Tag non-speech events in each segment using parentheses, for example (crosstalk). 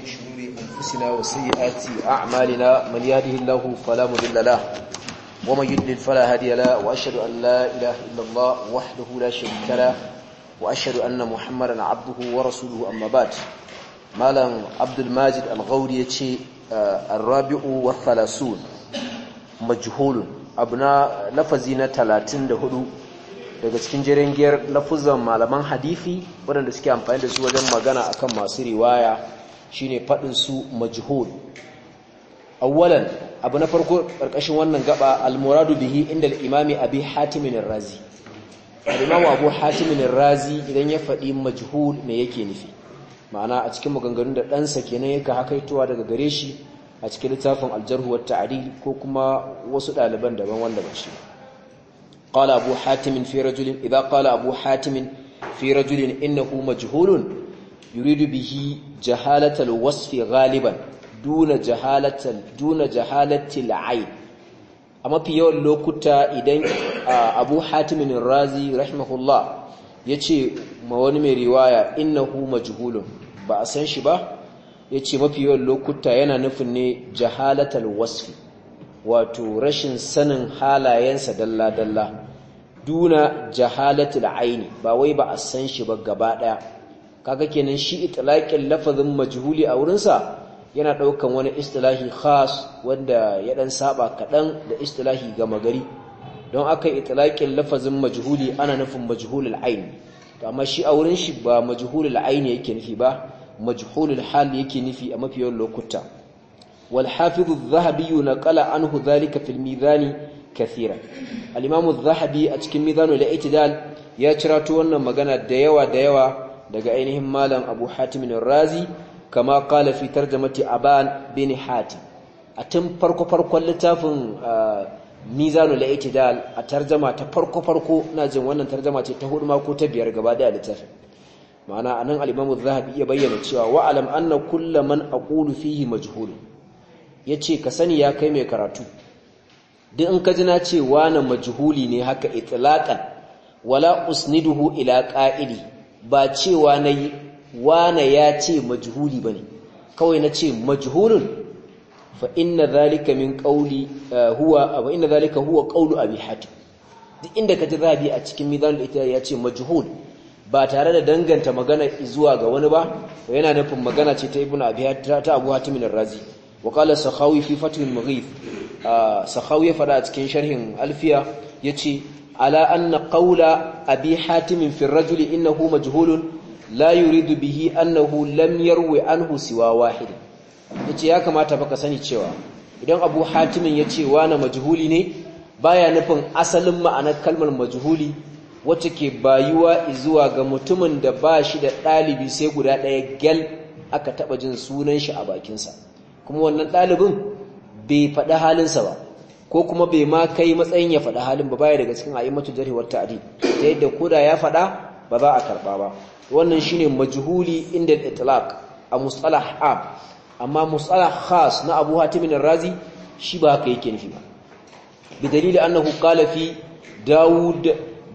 min shururi anfusina wa sayyiati a'malina man yahdihillahu fala mudilla la wa man yudlil fala hadiya la wa ashhadu an la ilaha illallah wahdahu la sharika la wa ashhadu anna muhammadan 'abduhu wa rasuluhu amma ba'd malam abdul majid al-ghawri yace ar-rabi'u wa thalathun majhulun abna lafazina 34 daga cikin jerengiyar lafuzan malaman hadisi wanda suke amfani da su wajen magana akan masu riwaya shine fadin su majhul awwalan abu na farko karkashin wannan gaba al-muradu bihi inda al-imami abi hatim razi al-imamu abu hatim razi idan ya faɗi majhul ne yake nufi ma'ana a cikin maganganun da ɗansa kenan yake hakaitowa daga gare shi a cikin littafin aljarhu wat ko kuma wasu ɗaliban daban wanda ba shi qala abu hatim fi rajulin idza qala abu hatim innahu majhulun yuridu bihi jahalatal wasfi galiban duna jahalatal duna a mafi yawan lokuta idan abu hatimin razi rahimahullah ya ce ma wani mai riwaya innahu majhulun ba a san shi ba ya ce mafi yawan lokuta yana nufin ne jahalatal wasfi wato rashin sanin halayensa dalla-dalla duna jahalatul aini ba wai ba a san shi ba gaba ɗaya kaga kenan shi itlaqin lafazin majhuli a wurinsa yana daukan wani istilahi khas wanda ya dan saba kadan da istilahi gama gari don aka itlaqin lafazin majhuli ana nufin majhulul ayn to amma shi a wurin shi ba majhulul ayn yake nufi ba majhulul hal yake nufi a mafiyan lokuta wal hafiz adh-dhahabi naqala anhu dhalika fil mizani kathira al-imam adh-dhahabi a cikin mizanul i'tidal ya cirato wannan magana da yawa da yawa daga ainihin malam abu hatimin razi kama kala fi tarjamati aban bin hati a tun farko-farkon littafin ah, mizanu la itidal a tarjama ta farko-farko na jin wannan tarjama ce ta hudu ma ko ta biyar gaba da littafin ma'ana anan al-imamu zahabi ya bayyana cewa wa alam anna kullu man aqulu fihi majhul yace ka sani ya kai mai karatu duk in ka ji na ce wani majhuli ne haka itlaqan wala usniduhu ila qa'ili ba cewa na yi wane ya ce majhuli ba ne kawai na ce majhulun fa ina zalika min eh, huwa wa a zalika huwa duk inda kaji zabi a cikin da ita ya ce majhul ba tare da danganta magana zuwa ga wani ba to yana nufin magana ce ta ibuna abi hatim ta abu hatu ar-razi wa qala sakhawi fi fath al ah, sakhawi ya fada a cikin sharhin alfiya yace ala anna qawla abi hatim fi ar-rajuli innahu majhulun la yuridu bihi annahu lam yarwi anhu siwa wahid yace ya kamata ka sani cewa idan abu hatimin yace wana majhuli ne baya nufin asalin ma'anar kalmar majhuli wacce ke bayuwa zuwa ga mutumin da ba shi da ɗalibi sai guda ɗaya gal aka taɓa jin sunan shi a bakinsa kuma wannan ɗalibin bai faɗi halinsa ba ko kuma bai ma kai matsayin ya faɗa halin ba baya daga cikin a'immatu jarhi wa ta'dil ta yadda da ya faɗa ba za a karba ba wannan shine majhuli inda itlaq a mustalah ab amma mustalah khas na Abu Hatim ar-Razi shi ba haka yake nufi ba bi dalili annahu qala fi Dawud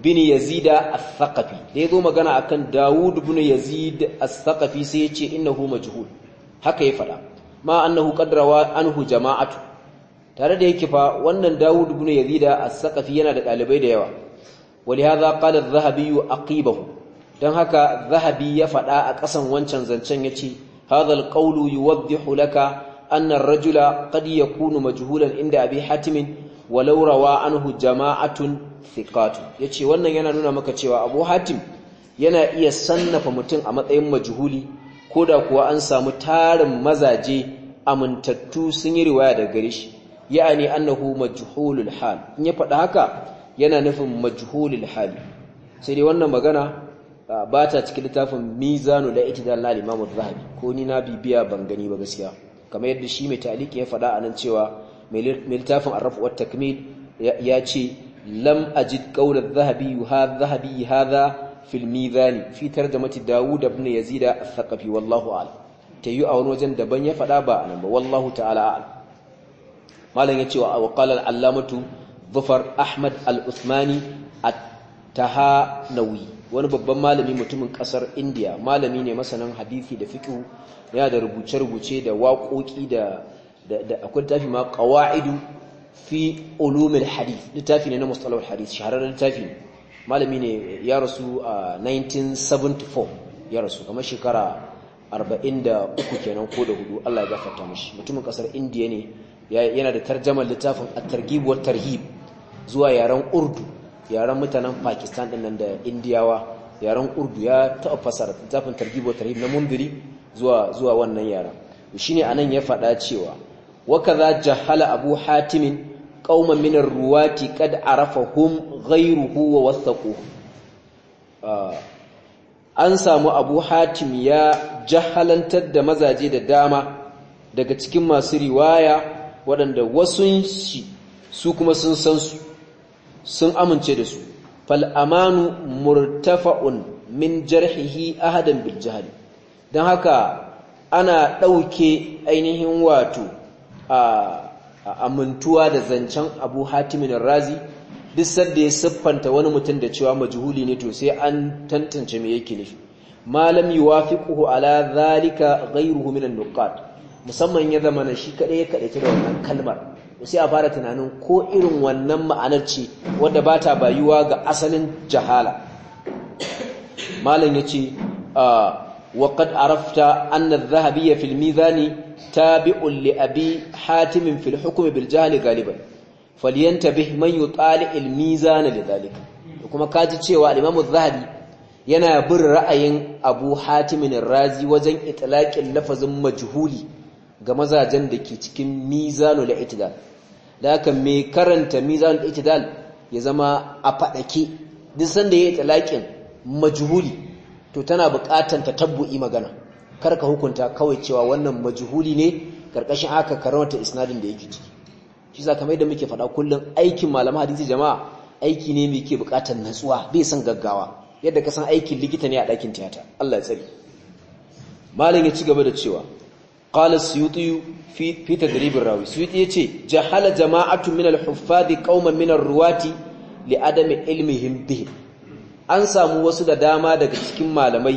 bin Yazid al-Thaqafi da yazo magana akan Dawud bin Yazid al-Thaqafi sai ya ce innahu majhul haka ya faɗa ma annahu qadrawa anhu jama'atu tare da yake fa wannan Dawud ibn Yazid as-Saqafi yana da dalibai da yawa walihaza qala adh-Dhahabi aqibahu dan haka Dhahabi ya fada a kasan wancan zancen yace hadha al-qawlu yuwaddihu laka anna ar-rajula qad yakunu majhulan inda Abi Hatim walau rawa anhu jama'atun thiqat yace wannan yana nuna maka cewa Abu Hatim yana iya sannafa mutum a matsayin majhuli koda kuwa an samu tarin mazaje amintattu sun yi riwaya daga gare shi ya'ani annahu majhulul hal in ya faɗa haka yana nufin majhulul hal sai dai wannan magana ba ta cikin littafin mizanu la itidal na imam az-zahabi ko ni na bibiya ban gani ba gaskiya kamar yadda shi mai taliki ya faɗa anan cewa mai littafin ar-raf wa takmil ya ce lam ajid qawl az-zahabi hadha zahabi hadha fil mizani fi tarjamati da ibn yazid al-thaqafi wallahu a'lam tayu a wani wajen daban ya faɗa ba anan ba wallahu ta'ala a'lam malam yace wa waqala al-allamatu Zufar Ahmad al-Uthmani at wani babban malami mutumin kasar India malami ne masanin hadisi da fiqh yana da rubuce-rubuce da waƙoƙi da da akwai tafi ma qawaidu fi ulumul hadith littafi ne na mustalahul hadith shahararren littafi ne malami ne ya rasu a 1974 ya rasu kamar shekara 43 kenan ko da hudu Allah ya gafarta mishi mutumin kasar India ne yana da tarjamar littafin a wa tarhib zuwa yaren urdu yaren mutanen Pakistan din nan da Indiyawa yaren urdu ya taɓa fasara littafin targhib wa tarhib na mundiri zuwa wannan yaren shine anan ya faɗa cewa waka za jahala abu hatimin qauman ruwa ti kad arafa arafahum ghayruhu wa ku ah, an samu abu hatim ya jahalantar da mazaje da dama daga cikin masu riwaya waɗanda wasu shi su kuma sun san su sun amince da su fal amanu murtafa'un min jarhihi ahadan bil jahli dan haka ana ɗauke ainihin wato a amintuwa da zancen Abu Hatimin Razi duk sanda ya siffanta wani mutum da cewa majhuli ne to sai an tantance mai yake nufi malam yuwafiquhu ala zalika ghayruhu min an-nuqat musamman ya zama na shi kaɗai ya ta da wannan kalmar sai a fara tunanin ko irin wannan ma'anar ce wadda ba ta bayuwa ga asalin jahala malam ya ce ah, wa qad arafta anna adh-dhahabiyya fil mizani tabi'un li abi hatim fil hukm bil jahl ghaliban falyantabih man yutali al mizan lidhalika kuma kaji cewa al-imam yana bin ra'ayin abu hatim ar-razi wajen itlaqin lafazin majuhuli. ga mazajen da ke cikin mizanul i'tidal da haka mai karanta mizanul i'tidal ya zama a fadake duk sanda ya yi talaqin majhuli to tana buƙatan ta tabbu'i magana kar ka hukunta kawai cewa wannan majhuli ne karkashin haka karanta isnadin da yake ciki shi za kamar yadda muke faɗa kullum aikin malaman hadisi jama'a aiki ne mai ke buƙatar natsuwa bai san gaggawa yadda ka san aikin likita ne a ɗakin tiyata Allah ya tsare malam ya ci gaba da cewa قال السيوطي في في تدريب الراوي سيوطي يجي جهل jama'atu min الحفاظ قوما من min لعدم علمهم li adami an samu wasu da dama daga cikin malamai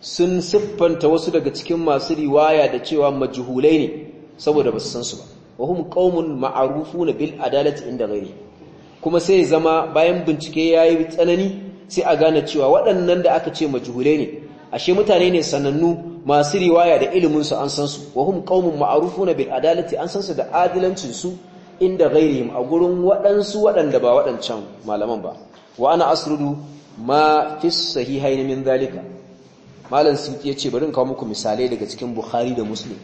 sun siffanta wasu daga cikin masu riwaya da cewa majhulai ne saboda ba su san su ba wa hum qaumun ma'rufuna bil adalati inda ghairi kuma sai zama bayan bincike yayi tsanani sai a gane cewa waɗannan da aka ce majhulai ne ashe mutane ne sanannu masu riwaya da iliminsu an san su wa hum qaumun ma'rufuna bil adalati an san su da adilancin su inda ghairihim a gurin waɗansu waɗanda ba waɗancan malaman ba wa ana asrudu ma fi sahihayn min zalika malam ya yace bari in kawo muku misalai daga cikin bukhari da muslim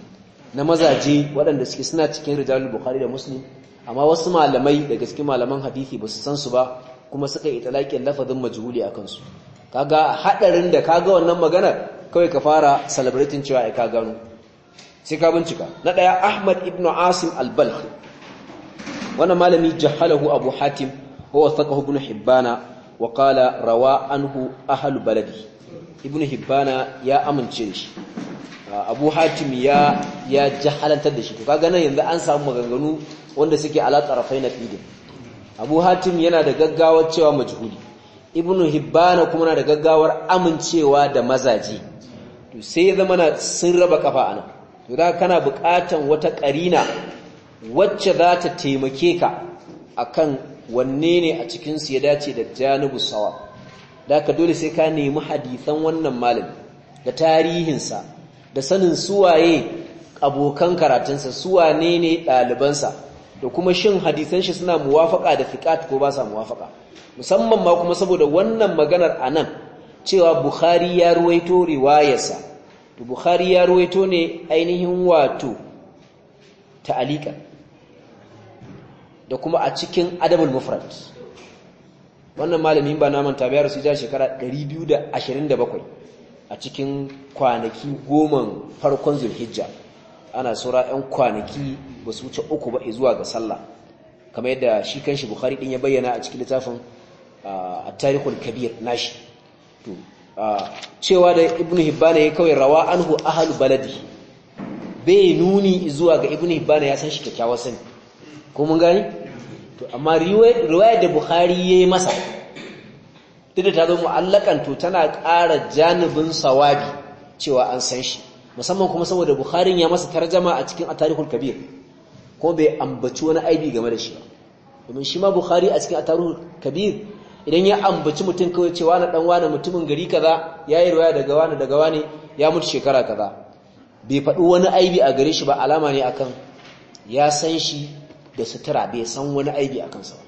na mazaje waɗanda suke suna cikin rijalul bukhari da muslim amma wasu malamai daga cikin malaman hadisi ba su san su ba kuma suka yi talakin lafazin majhuli a kansu kaga hadarin da kaga wannan maganar? kawai ka fara celebrating cewa ai ka gano sai ka bincika na daya Ahmad ibn Asim al balhi wannan malami jahalahu Abu Hatim huwa thaqahu ibn Hibbana wa qala rawa anhu ahlu baladi ibn Hibbana ya amince shi ah, Abu Hatim ya ya jahalantar da shi to kaga nan yanzu an samu maganganu wanda suke ala tarafaina fidin Abu Hatim yana da gaggawar cewa majhuli Ibn hibbana kuma na da gaggawar amincewa da mazaje to sai ya zama na sun raba kafa anan to da kana buƙatan wata ƙarina wacce za ta taimake ka akan wanne ne a cikinsu ya dace da janibu sawa da ka dole sai ka nemi hadisan wannan malami da tarihinsa da sanin suwaye abokan karatunsa suwa ne ɗalibansa da kuma shin hadisan shi suna muwafaka da fikat ko ba sa muwafaka musamman ma kuma saboda wannan maganar a nan cewa bukhari ya ruwaito riwayarsa to bukhari ya ruwaito ne ainihin wato ta'alika da kuma a cikin adabul mufrad wannan malamin ba naman tabiyar su ja shekara 227 a cikin kwanaki goma farkon zulhijja ana saura 'yan kwanaki ba su wuce uku ba zuwa ga sallah kamar yadda shi kanshi bukhari din ya bayyana a cikin littafin a tarihul kabir nashi cewa da ibn hibban ya kawai rawa anhu ahlu baladi bai nuni zuwa ga ibn hibban ya san shi kyakkyawar sani ko mun gani to amma riwayar da bukhari yayi masa duk da ta zo mu'allakan to tana ƙara janibin sawabi cewa an san shi musamman kuma saboda bukharin ya masa tarjama a cikin atarihul kabir ko bai ambaci wani aibi game da shi ba domin shi ma bukhari a cikin atarihul kabir idan ya ambaci mutum kawai cewa na dan wani mutumin gari kaza yayi riwaya daga wani daga wani ya mutu shekara kaza bai faɗi wani aibi a gare shi ba alama ne akan ya san shi da sutura bai san wani aibi a kansa ba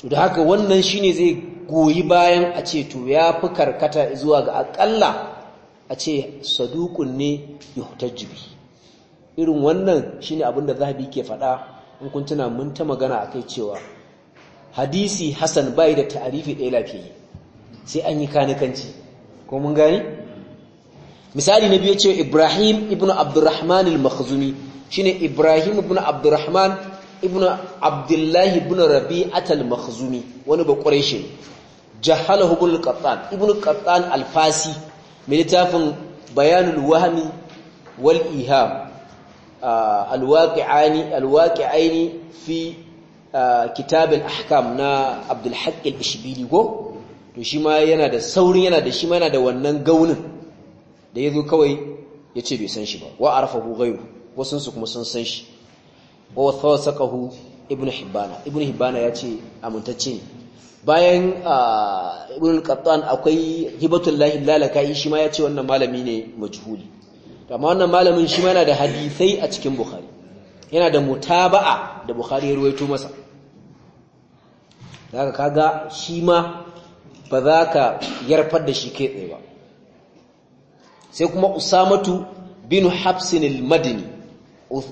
to da haka wannan shine zai goyi bayan a ce to ya fi karkata zuwa ga akalla a ce saduqun ne yuhtajbi irin wannan shine abin da zahabi ke faɗa in kun tuna mun ta magana akai cewa hadisi hasan bai da ta'arifi ɗaya lafiyayi sai an yi kanikanci ko mun gani misali na biyu ce Ibrahim ibn Abdurrahman al-Makhzumi shine Ibrahim ibn Abdurrahman ibn Abdullah ibn Rabi'at al-Makhzumi wani ba Quraishi jahalahu ibn Qattan ibn Qattan al-Fasi mai littafin Bayanul Wahmi wal Iham ah, al-Waqi'ani al-Waqi'aini fi Kitabin ahkam na abdul al ishbili go to shi ma yana da saurin yana da shi ma yana da wannan gaunin da yazo kawai yace bai san shi ba wa arafahu ghayru wasun su kuma sun san shi wa wasaqahu ibnu hibbana ibnu hibbana yace amuntacce bayan ibnu qattan akwai hibatullahi lalaka shi ma yace wannan malami ne majhuli amma wannan malamin shi ma yana da hadisai a cikin bukhari yana da mutaba'a da bukhari ya ruwaito masa ka kaga shi ma ba za ka yarfar da shi kai tsaye ba sai kuma usamatu bin hafsin al-madini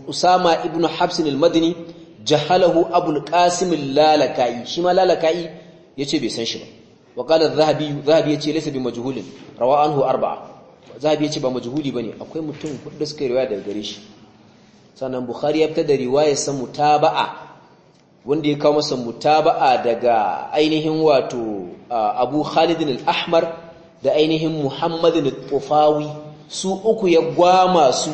usama ibn hafsin al-madini jahalahu abul qasim al-lalakai shi ma lalakai yace bai san shi ba wa qala az-zahabi zahabi yace laysa bi majhulin rawa anhu arba'a zahabi yace ba majhuli bane akwai mutum hudu suka riwaya daga gare shi sannan bukhari ya fita da riwayar sa mutaba'a wanda ya kawo masa mutaba'a daga ainihin wato abu khalid al-ahmar da ainihin muhammad al-tufawi su uku ya gwama su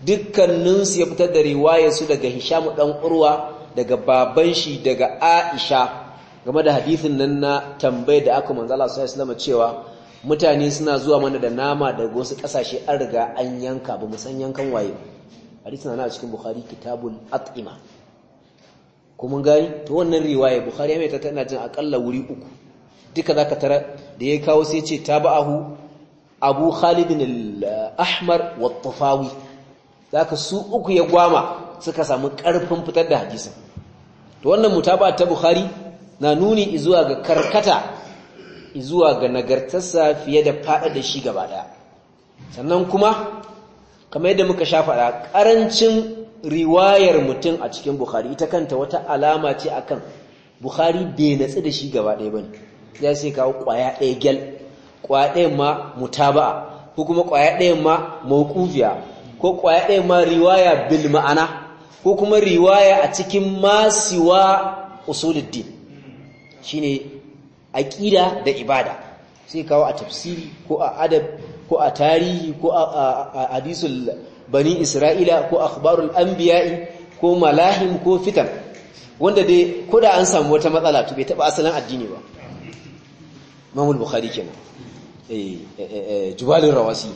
dukkaninsu ya fita da riwayar su daga hisham dan urwa daga baban shi daga aisha game da hadithin nan na tambayar da aka manzo Allah sallallahu alaihi cewa mutane suna zuwa mana da nama daga wasu kasashe an riga an yanka ba mu san yankan waye ba hadisi na a cikin bukhari kitabul at'ima kuma gani to wannan riwaya bukhari ya mai tana jin akalla wuri uku duka zaka tara da ya kawo sai ce tabahu abu khalid al-ahmar wa tufawi zaka su uku ya gwama suka samu karfin fitar da hadisin to wannan mutaba ta bukhari na nuni zuwa ga karkata zuwa ga nagartarsa fiye da fada da shi gaba daya sannan kuma kamar yadda muka sha faɗa ƙarancin riwayar mutum a cikin bukhari ita kanta wata alama ce a kan bukhari bai natsu da shi gaba ɗaya bane ya sai kawo ƙwaya ɗaya gyal ƙwaya ɗayan ma mutaba'a ko kuma ƙwaya ɗayan ma mawqufiya ko ƙwaya ɗayan ma riwaya bil ma'ana ko kuma riwaya a cikin masiwa usuluddin shine aƙida da ibada sai kawo a tafsiri ko a adab ko a tarihi ko a hadisul bani isra'ila ko akhbarul anbiya'i ko malahim ko fitan wanda dai ko da an samu wata matsala to bai taba asalin addini ba Imam bukhari kenan eh, eh, eh, eh rawasi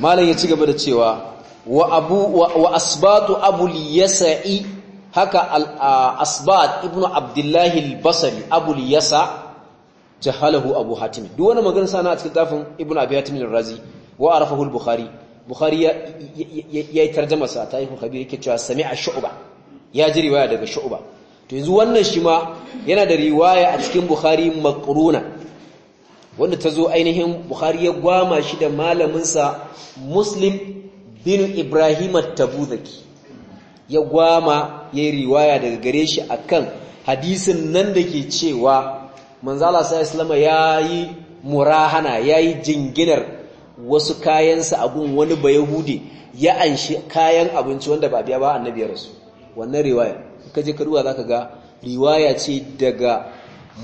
malam ya ci gaba da cewa wa abu wa asbatu abul yasa'i haka al asbat ibnu abdullahi al basri abul yasa' jahalahu abu hatim duk wani magana sana a cikin tafin ibnu abi hatim al-razi wa arafahu al-bukhari bukhari ya yi tarjama sa ta ibnu khabir yake cewa sami'a shu'ba ya ji riwaya daga shu'ba to yanzu wannan shi ma yana da riwaya a cikin bukhari maqruna wanda ta zo ainihin bukhari ya gwama shi da malamin sa muslim bin ibrahim at-tabuzaki ya gwama yayi riwaya daga gare shi akan hadisin nan da ke cewa manzala sallama ya yi murahana ya yi jinginar wasu kayansa a gun wani bayahudi ya anshi kayan abinci wanda ba biya ba annabi ya rasu wannan riwaya ka je karuwa ka ga riwaya ce daga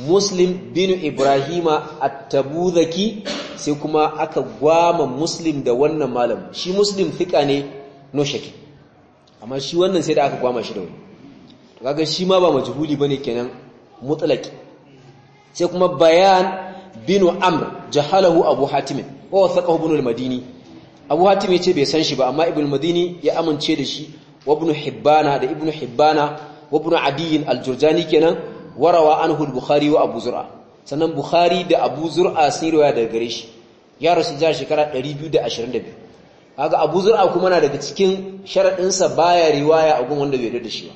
muslim bin ibrahima at sai kuma aka gwama muslim da wannan malam shi muslim fika ne no shaki amma shi wannan sai da aka gwama shi da wani kaga shi ma ba majhuli ne kenan mutlaki sai kuma bayan binu amr jahalahu abu hatim wa wasaqahu ibn al-madini abu hatim yace bai san shi ba amma ibn al-madini ya amince da shi wa ibn hibbana da ibn hibbana wa ibn adiy al-jurjani kenan warawa anhu al-bukhari wa abu zur'a sannan bukhari da abu zur'a sun riwaya daga gare shi ya rasu da shekara 222 kaga abu zur'a kuma na daga cikin sharadin sa baya riwaya a gun wanda bai da shi ba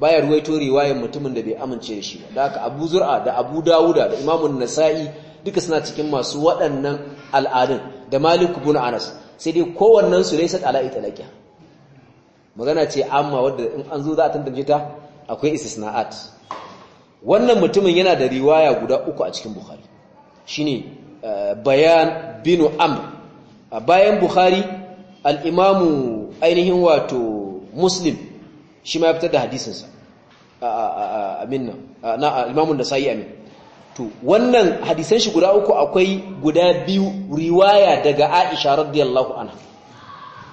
baya ruwaito riwayar mutumin da bai amince da shi ba da haka Abu Zur'a da Abu Dawuda da imamun nasai duka suna cikin masu waɗannan al'adun da maliku bin Anas sai dai kowannen su laysa ala italaqiha magana ce amma wadda in an zo za a tantance ta akwai istisna'at wannan mutumin yana da riwaya guda uku a cikin Bukhari shine eh, bayan bin Amr bayan Bukhari al imamu ainihin wato Muslim shi ma ya fitar da hadisinsa amin nan na imamun da sayi amin to wannan hadisan shi guda uku akwai guda biyu riwaya daga aisha radiyallahu anha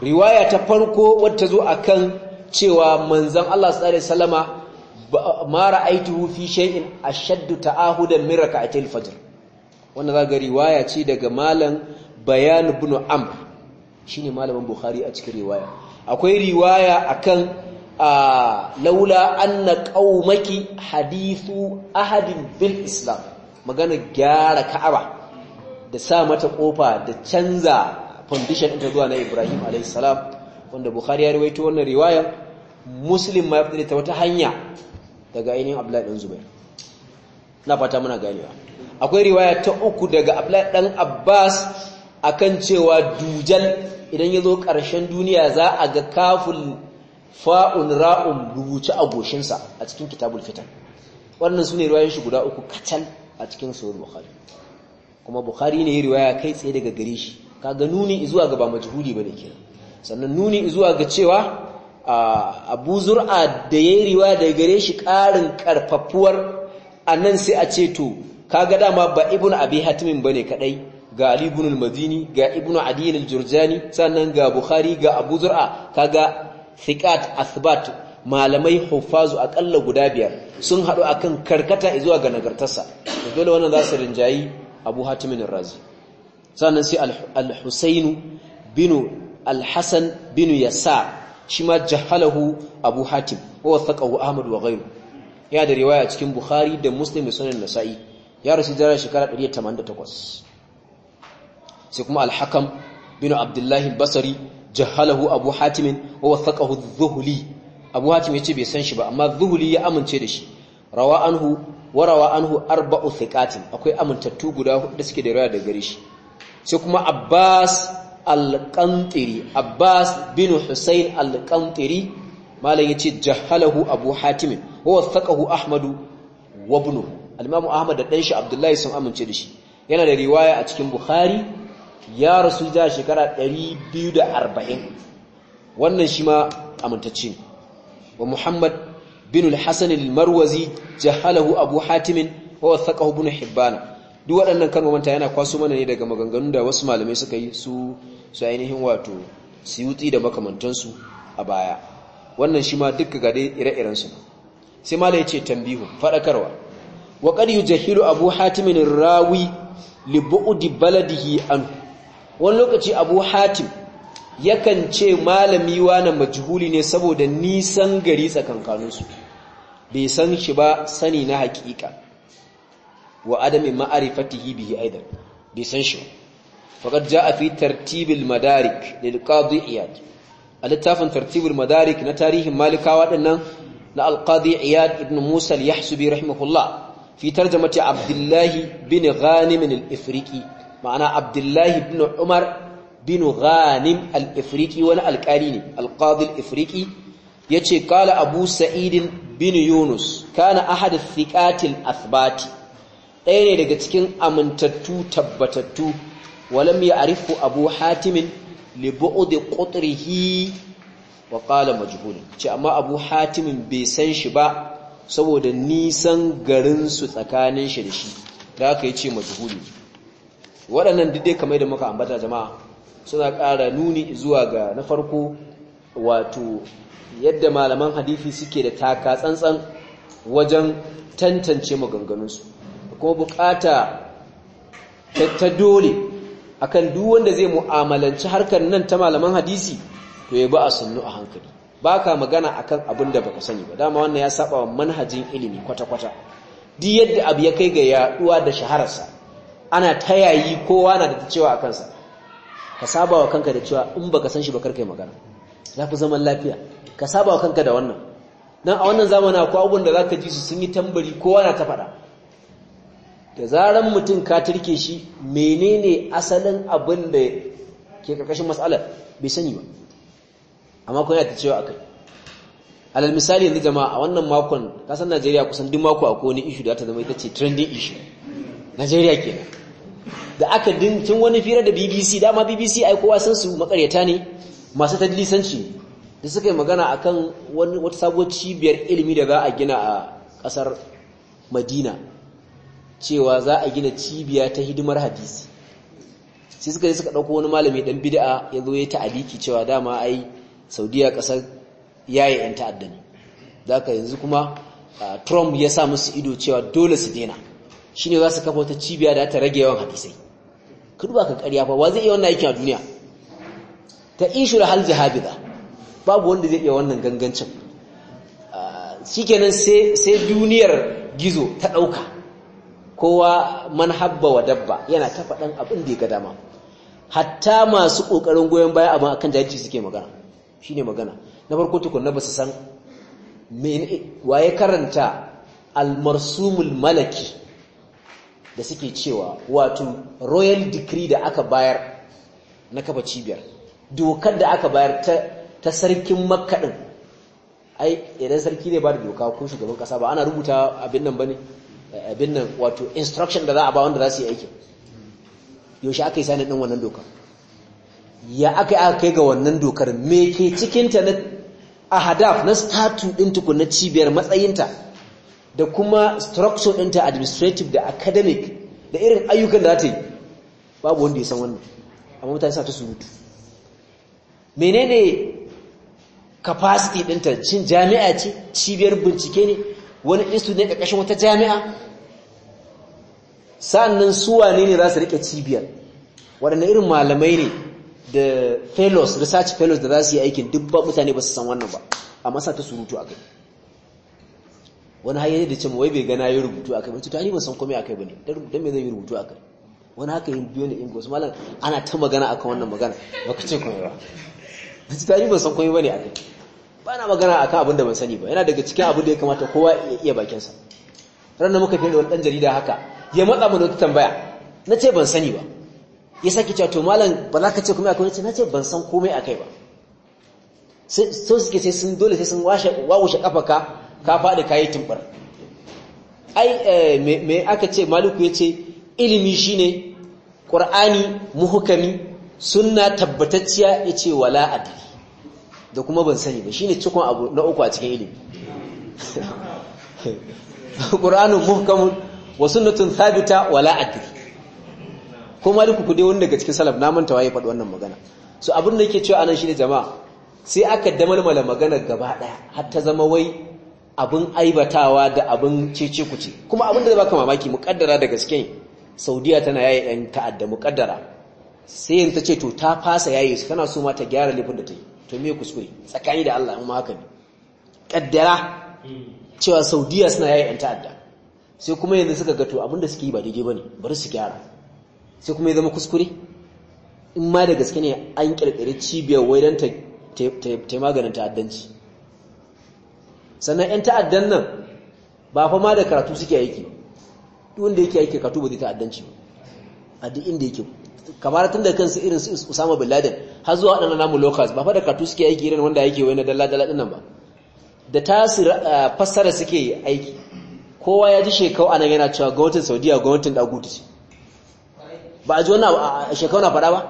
riwaya ta farko wata zo akan cewa manzon Allah sallallahu alaihi wasallama ma ra'aituhu fi shay'in ashaddu ta'ahudan min rak'atil fajr wannan zaga riwaya ce daga malam bayan ibn amr shine malamin bukhari a cikin riwaya akwai riwaya akan laula anna qaumaki hadithu ahadin bil islam magana gyara ka'aba da sa mata ƙofa da canza foundation ta zuwa na Ibrahim alayhi salam wanda Bukhari ya rawaito wannan riwaya Muslim ma ya fada ta wata hanya daga ainihin abdullahi dan Zubair na fata muna ganewa akwai riwaya ta uku daga abdullahi dan Abbas a kan cewa dujal idan ya zo ƙarshen duniya za a ga kafin. fa'un ra'un rubuce a goshinsa a cikin kitabul fitan wannan su ne riwayoyin shi guda uku kacal a cikin sauri bukari kuma bukhari ne ya riwaya kai tsaye daga gare shi kaga nuni zuwa ga ba majhuli bane sannan nuni zuwa ga cewa abu zur'a da yayi riwaya daga gare shi karin karfafuwar nan sai a ce to kaga dama ba ibnu abi ba ne kadai ga ali ibn madini ga ibnu adi al-jurjani sannan ga bukhari ga abu zur'a kaga thiqat athbat malamai hufazu akalla guda biyar sun hadu akan karkata zuwa ga nagartarsa dole wannan za su rinjayi Abu Hatim bin razi sannan sai al-Husayn bin al-Hasan bin Yasa shi ma jahalahu Abu Hatim wa wathaqahu Ahmad wa ghayru ya da riwaya cikin Bukhari da Muslim da Sunan Nasa'i ya rasu jara shekara 188 sai kuma al-Hakam bin Abdullahi al-Basri jahalahu abu hatimin wa wathaqahu dhuhli abu hatim yace bai san shi ba amma dhuhli ya amince da shi rawa anhu wa rawa anhu arba'u thiqatin akwai amintattu guda hudu da suke da riwaya daga gare shi sai kuma abbas al-qantiri abbas bin husayn al-qantiri malam yace jahalahu abu hatim wa wathaqahu ahmadu wa ibnuhu al-imam ahmad da dan shi abdullahi sun amince da shi yana da riwaya a cikin bukhari ya rasu da shekara 240 wannan shi ma amintacce wa muhammad bin al-hasan al-marwazi jahalahu abu hatimin wa wathaqahu ibn hibban duk waɗannan kalmomin yana kwaso mana ne daga maganganun da wasu malamai suka yi su su ainihin wato siyutsi da makamantansu a baya wannan shi ma duka ga dai ire-iren su sai mala yace tambihu faɗakarwa. wa qad yujahilu abu hatimin rawi li bu'di baladihi an wani lokaci abu hatim yakan ce malami wani majhuli ne saboda nisan gari tsakankaninsu bai san shi ba sani na hakika wa adami ma'arifatihi bihi aidan bai san shi faqad a fi tartibil madarik lil qadi iyad littafin tartibul madarik na tarihin malikawa dinnan na alqadi iyad ibn musa al-yahsubi rahimahullah fi tarjamati abdullahi bin ghanim al ma'ana abdullahi bin umar bin ghanim al-ifriqi wani alƙali ne alƙadi al-ifriqi yace qala abu sa'id bin yunus kana ahad thiqatil athbati ɗaya ne daga cikin amintattu tabbatattu walam arifu abu hatimin li bu'd qutrihi wa qala majhul ce amma abu Hatimin bai san shi ba saboda nisan garin su tsakanin shi da shi da aka yace majhuli waɗannan didai kamar da muka ambata jama'a suna ƙara nuni zuwa ga na farko wato yadda malaman hadisi suke da taka tsantsan wajen tantance maganganunsu kuma buƙata ta dole akan duk wanda zai mu'amalanci harkar nan ta malaman hadisi to ya ba a sunnu a hankali Ba ka magana akan abin da baka sani ba dama wannan ya saba wa manhajin ilimi kwata-kwata duk yadda abu ya kai ga yaduwa da shahararsa ana tayayi kowa na da ta cewa a kansa ka saba wa kanka da cewa in baka san shi ba karkai magana za ku zaman lafiya ka saba wa kanka da wannan dan a wannan zamanin akwai abubuwan da zaka ji su sun yi tambari kowa na ta faɗa da zaran mutum ka turke shi menene asalin abin da ke karkashin mas'alar bai sani ba amma kuma yana ta cewa akai alal misali yanzu jama'a a wannan makon kasan Najeriya kusan duk mako akwai wani issue da ta zama ita ce trending issue Najeriya kenan da aka din tun wani fira da BBC dama BBC ai kowa san su makaryata ne masu tadlisanci da suka yi magana akan wani wata sabuwar cibiyar ilimi da za a gina a kasar Madina cewa za a gina cibiya ta hidimar hadisi sai suka je suka dauko wani malami dan bid'a ya zo ya ta'aliki cewa dama ai Saudiya kasar yayi yan ta'adda ne zaka yanzu kuma Trump ya sa musu ido cewa dole su dena shine za su kafa wata cibiya da ta rage yawan hadisai ka duba ka ƙarya fa wa zai iya wannan aikin a duniya ta da hal jahabida babu wanda zai iya wannan gangancin ah, shi kenan sai duniyar gizo ta ɗauka, kowa man habba wa dabba yana ta faɗan abin da ya ga dama hatta masu kokarin goyon baya amma akan jahilci suke magana shine magana na farko tukun na basu san Wa ya karanta al-marsumul malaki da suke cewa wato royal decree da aka bayar na kafa cibiyar dokar da aka bayar ta sarkin makaɗin ai idan sarki ne ba da doka ko shugaban kasa ba ana rubuta abin nan ba ne, eh, abin nan wato instruction da za a ba wanda za su yi aiki. yaushe aka yi sanin ɗin wannan dokar ya aka aka kai ga wannan dokar me ke cikinta na ahadaf na statu tukun na cibiyar matsayinta da kuma structure ɗinta administrative da academic da irin ayyukan da za ta yi babu wanda ya san wannan amma mutane sa ta surutu menene capacity ɗinta cin jami'a ce cibiyar bincike ne wani institute ne ƙarƙashin wata jami'a sa'annan su ne ne za su riƙe cibiyar waɗanda irin malamai ne da fellows research fellows da za su yi aikin duk ba mutane ba su san wannan ba amma sa ta surutu a kai wani haye da ce wai bai gana ya rubutu akai bace to ani ban san komai akai bane dan me zai yi rubutu akai wani haka yin biyo ne in gosu malam ana ta magana akan wannan magana baka ce komai ba bace to ani ban san komai bane akai ba na magana akan abin da ban sani ba yana daga cikin abin da ya kamata kowa ya iya bakin sa ranar muka fere wani dan jarida haka ya matsa mana wata tambaya na ce ban sani ba ya sake cewa to malam ba za ka ce komai akai na ce ban san komai akai ba so suke sai sun dole sai sun washe wawushe kafaka ka faɗi ka yi ai eh, me aka ce maluku ya ce ilimi shine ƙur'ani muhukami sunna tabbatacciya ya ce wala la'adari da kuma ban sani ba shine cikon abu na uku a cikin ilimi ƙur'anun (laughs) muhkamun wa sunnatun thabita wala la'adari ko maluku ku dai wani daga cikin salaf na manta waye faɗi wannan magana so abin da yake cewa anan shine jama'a sai aka damalmala magana gaba ɗaya har ta zama wai abin aibatawa da abin cece kuce kuma abin da zai baka mamaki mukaddara da gaske saudiya tana yaye yan ta'adda mukaddara sai yin ta ce to ta fasa yaye su kana so ma ta gyara laifin da ta yi to me kuskure tsakani da Allah amma haka ne kaddara cewa saudiya suna yaye yan ta'adda sai kuma yanzu suka ga to abin da suke yi ba daidai bane bari su gyara sai kuma ya zama kuskure in ma da gaske ne an kirkiri cibiyar wai don ta maganin ta'addanci sannan 'yan ta'addan nan ba fa ma da karatu suke aiki wanda yake aiki karatu ba zai ta'addanci a duk inda yake kamar tun da kansu irin Usama bin Laden har zuwa waɗannan namu locals ba fa da karatu suke aiki irin wanda yake wani dalla dalla dinnan ba da tasir eh, fassara suke aiki kowa ya ji shekau a nan yana cewa gwamnatin Saudiya gwamnatin ta ce ba a ji wannan shekau na faɗa ba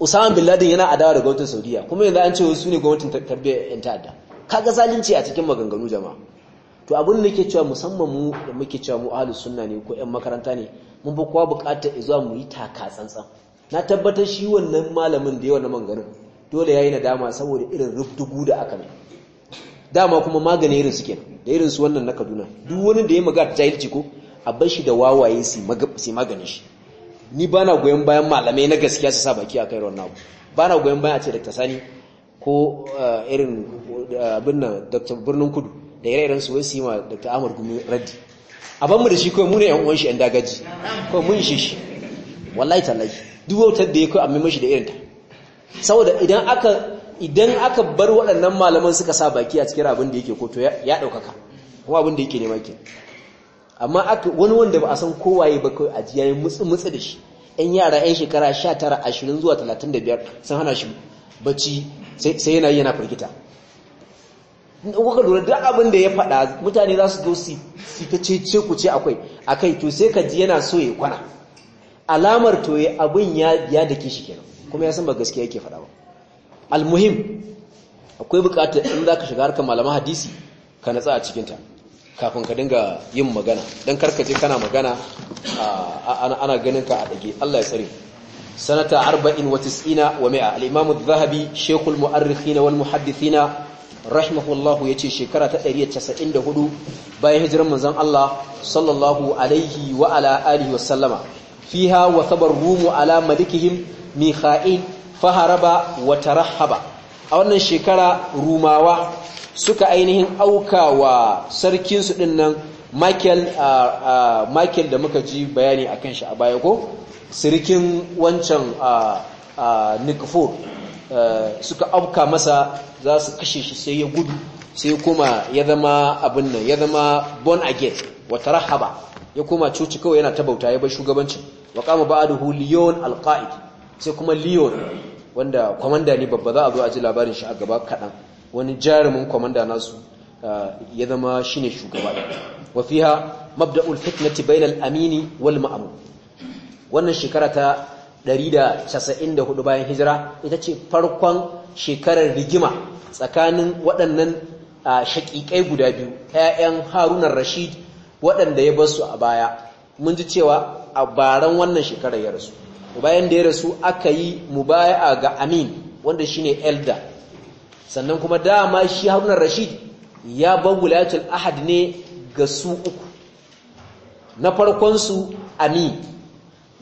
Usama bin Laden yana adawa da gwamnatin Saudiya kuma yanzu an ce wasu ne gwamnatin tabbiyar 'yan ta'adda kaga zalunci a cikin maganganu jama'a to abin da nake cewa musamman mu da muke cewa mu ahlus sunna ne ko 'yan makaranta ne mun fi kowa buƙatar izuwa mu yi taka tsantsan na tabbatar shi wannan malamin da yawa na manganin dole yayi nadama saboda irin rubdugu da aka mai dama kuma magani irin suke da irin su wannan na Kaduna duk wani da ya magana jahilci ko a bar shi da wawaye su maganin shi ni bana goyon bayan malamai na gaskiya su sa baki a kai wannan abu bana goyon bayan a ce da ta Sani ko eh, irin eh, abin nan dr birnin kudu da ire-iren su wasu yi ma dr ahmad gumi raddi a banmu da shi kawai mu ne yan uwan shi yan dagaji ko mun shi shi wallahi tallahi duk wautar da ya kawai amma mashi da irinta saboda idan aka idan aka bar waɗannan malaman suka sa baki a cikin abin da yake to ya ɗaukaka kuma abin da yake nema ke amma wani wanda ba a san kowaye ba kawai a ya mutsu-mutsu da shi ‘yan yara ‘yan shekara 19 ashirin zuwa 35 sun hana shi bacci sai yana yi yana firgita in kuka lura duk abin da ya faɗa mutane za su zo su ta ce ku ce akwai a kai to sai ka ji yana so ya kwana alamar to ya abin ya dake shi kenan kuma ya san ba gaske yake faɗa ba almuhim akwai bukatar in za ka shiga harkar malama hadisi ka natsa a cikinta kafin ka dinga yin magana don karkace kana magana ana ganin ka a ɗage allah ya tsare sanata arba'in wa tis'ina wa mi'a al-imamu al-dhahabi shaykhul mu'arrikhin wal muhaddithin rahimahullahu yace shekara ta 194 bayan hijran manzon Allah sallallahu alaihi wa ala alihi wa sallama fiha wa sabaru ala malikihim mikha'il faharaba wata rahaba. a wannan shekara rumawa suka ainihin aukawa sarkin su dinnan michael uh, da muka ji bayani a shi a baya ko sirikin wancan a nikfor eh, suka auka masa za su kashe shi sai ya gudu sai kuma ya zama abin nan ya zama born again wata rahaba ya koma coci kawai yana ta bauta ya bar shugabancin wa kama ba'aduhu leon alqaid sai kuma leon wanda kwamanda ne babba za a zo a ji labarin shi a gaba kaɗan wani jarumin kwamanda nasu eh, ya zama shine shugaba wa fiha mabda'ul fitnati bainal amini wal ma'mum wannan shekara ta 194 bayan hijira ita ce farkon shekarar rigima tsakanin waɗannan shaƙiƙai guda biyu ƴaƴan Harunan Rashid waɗanda ya basu a baya mun ji cewa a baran wannan shekarar ya rasu bayan da ya rasu aka yi a ga Amin wanda shine Elda sannan kuma dama shi Haruna Rashid ya bar wilayatul ahad ne ga su uku na farkon su Amin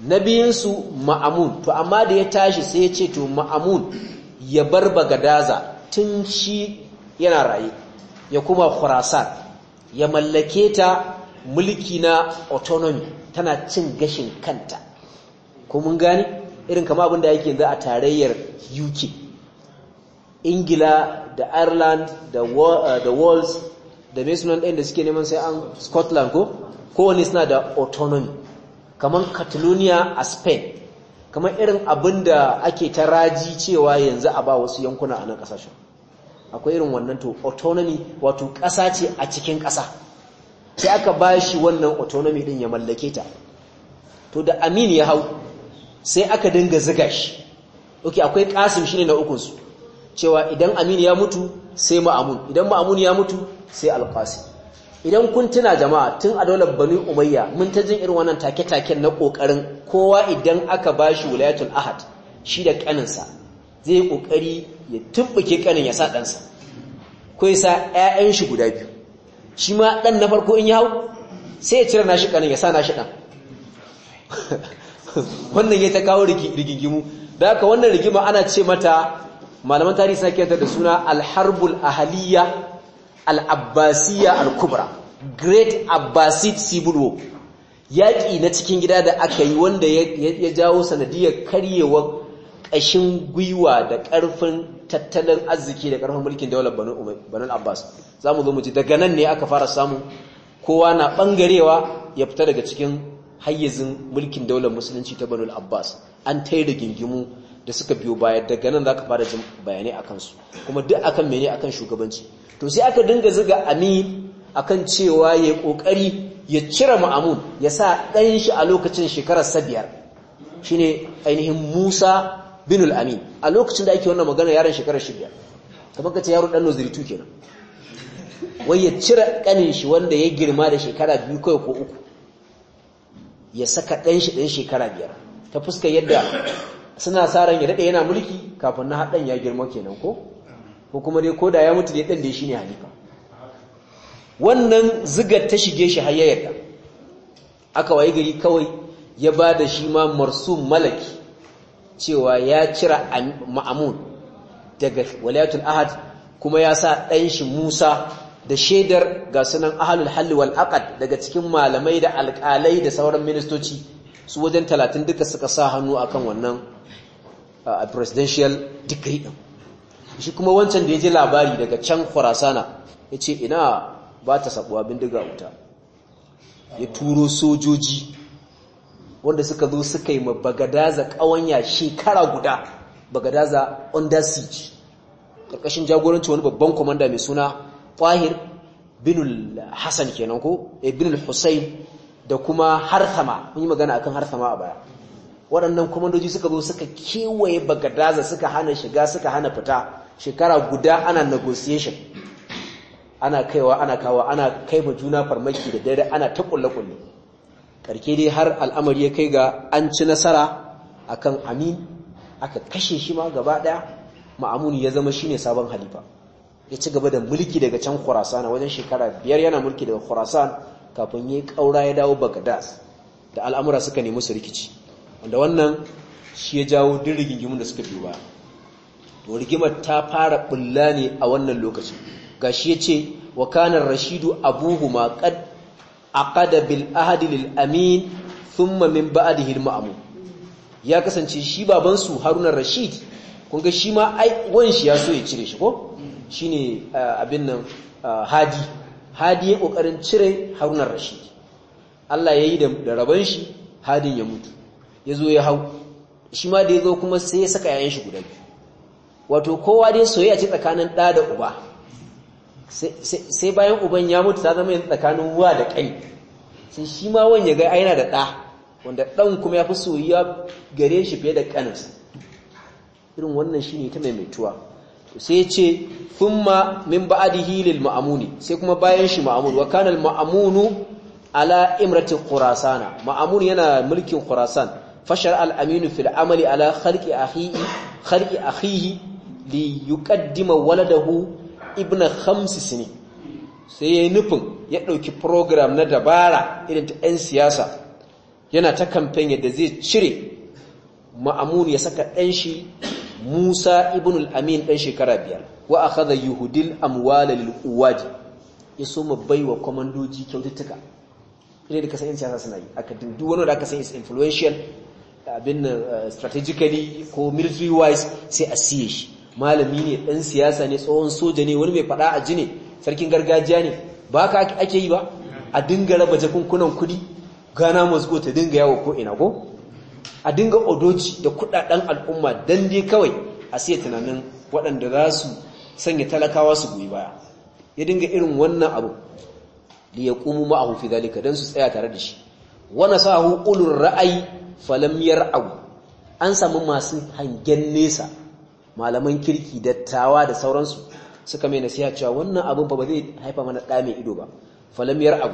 na su ma'amun to amma da ya tashi sai ya ce to ma'amun ya bar bagadaza tun shi yana raye ya kuma khurasan ya mallake ta mulki na autonomy tana cin gashin kanta ko gani irin kama abin da yake yanzu a tarayyar UK Ingila da Ireland da eh, da Wales da Mason ɗin da suke neman sai an Scotland ko kowane suna da autonomy kamar catalonia a spain kamar irin abin da ake ta raji cewa yanzu a ba wasu yankuna a nan kasashen akwai irin wannan to autonomy wato ƙasa ce a cikin ƙasa sai aka ba shi wannan autonomy din ya mallake ta to da amin ya hau sai aka dinga ziga shi ok akwai ƙasim shi ne na ukunsu cewa idan amin ya mutu sai ma'amun idan ma'amun ya mutu sai alƙasim idan kun tuna jama'a tun a daular banu umayya mun ta jin irin wannan take-taken na kokarin kowa idan aka ba shi wulayatul ahad shi da kaninsa zai kokari ya tumbuke kanin ya sa ɗansa ko ya sa 'ya'yan shi guda biyu shi ma ɗan na farko in ya hau sai ya cire nashi kanin ya sa nashi ɗan (laughs) wannan ya ta kawo rigingimu da aka wannan rigima ana ce mata malaman tarihi suna kiyata da suna alharbul ahaliya al-abbasiyya al-kubra great abbasid civil war yaƙi na cikin gida da aka yi wanda ya jawo sanadiyar karyewar ƙashin gwiwa da ƙarfin tattalin arziki da ƙarfin mulkin daular banin abbas za mu zo mu ji daga nan ne aka fara samu kowa na ɓangarewa ya fita daga cikin hayyazin mulkin daular musulunci ta banin abbas an tai da gingimu da suka biyo baya daga nan za zaka fara jin bayanai a kansu kuma duk akan mene akan shugabanci to sai aka dinga ziga amin akan cewa ya kokari ya cire ma'amun ya sa ɗayan shi a lokacin shekarar sabiyar shine ainihin Musa bin amin a lokacin da ake wannan magana yaron shekarar shida kamar ce yaro ɗan noziri tu kenan wai ya cire ƙanin shi wanda ya girma da shekara biyu kai ko uku ya saka ɗan shi ɗan shekara biyar ta fuskar yadda suna sa ran ya daɗe yana mulki kafin na hadan ya girma kenan ko ko kuma dai koda ya mutu dai dan da shine halifa wannan zigar ta shige shi har ya aka waye gari kawai ya ba da shi ma marsum malaki cewa ya cira ma'amun daga walayatul ahad kuma ya sa ɗan shi Musa da shaidar ga sunan ahalul halli wal aqad daga cikin malamai da alƙalai da sauran ministoci su wajen talatin duka suka sa hannu akan wannan a presidential degree din shi kuma wancan da ya ji labari daga can kwarasana ya ce ina ba ta sabuwa bindiga wuta ya turo sojoji wanda suka zo suka yi ma bagadaza ƙawanya shekara guda bagadaza under siege ƙarƙashin jagoranci wani babban kwamanda mai suna ƙwahir binul hassan kenan ko eh, binul hussain da kuma harthama mun yi magana akan harthama a baya waɗannan kwamandoji suka zo suka kewaye bagadaza suka hana shiga suka hana fita shekara guda ana negotiation ana kaiwa ana kawo ana kaifa juna farmaki da daidai, ana ta kulle-kulle karke dai har al'amari ya kai ga an ci nasara akan amin aka kashe shi ma gaba ɗaya ma'amun ya zama shine sabon halifa ya ci gaba da mulki daga can khurasan wajen shekara biyar yana mulki daga khurasan kafin ya ƙaura ya dawo bagadas da al'amura suka nemi su rikici wanda wannan shi ya jawo din rigingimu da suka biyu ba to rigimar ta fara bulla ne a wannan lokaci gashi yace wa kanar rashidu abuhuma qad aqada bil ahdi lil amin thumma min ba'dihi al ma'mun ya kasance shi baban su haruna rashid kun ga shi ma ai wan shi ya so ya cire shi ko shine abin nan hadi hadi ya kokarin cire Harunar rashid Allah yayi da raban shi hadin ya mutu ya zo ya hau shi ma da ya zo kuma sai ya saka yayan shi guda biyu wato kowa dai soyayya ce tsakanin ɗa da uba sai bayan uban ya mutu ta zama yanzu tsakanin wa da ƙai sai shi ma wani ya ga aina da ɗa wanda ɗan kuma ya fi soyayya gare shi fiye da ƙaninsa irin wannan shi ne ta maimaituwa sai ce ma min ba'adi lil ma'amuni sai kuma bayan shi ma'amun wa kanal ma'amunu ala imrati khurasana ma'amun yana mulkin khurasan fashar al'aminu fil amali ala kharki akhihi li yuqaddima waladahu ibna khamsi sini sai ya nufin ya dauki program na dabara irin ta 'yan siyasa yana ta campaign yadda zai cire ma'amun ya saka ɗan shi Musa ibn al-Amin ɗan shekara biyar wa akhadha yuhudil amwala lil uwadi ya soma baiwa komandoji kyaututtuka irin da kasan siyasa suna yi aka dindu wani da aka san is influential abin nan eh, strategically ko military wise sai a siye shi malami ne dan siyasa ne tsohon soja ne wani mai fada a jini sarkin gargajiya ne ba ka ake yi ba a dinga raba jakunkunan kudi gana mazgo ta dinga yawo ko ina ko a dinga odoji da kudaden al'umma dan dai kawai a siye tunanin waɗanda za su sanya talakawa su goyi baya ya dinga irin wannan abu da ya ƙumu ma'ahu fi zalika don su tsaya tare da shi wani nasahu ulur ra'ayi falam yar'au an samu masu hangen nesa malaman kirki dattawa da sauransu suka mai nasiha cewa wannan abin ba zai haifa mana ɗa mai ido ba falam yar'au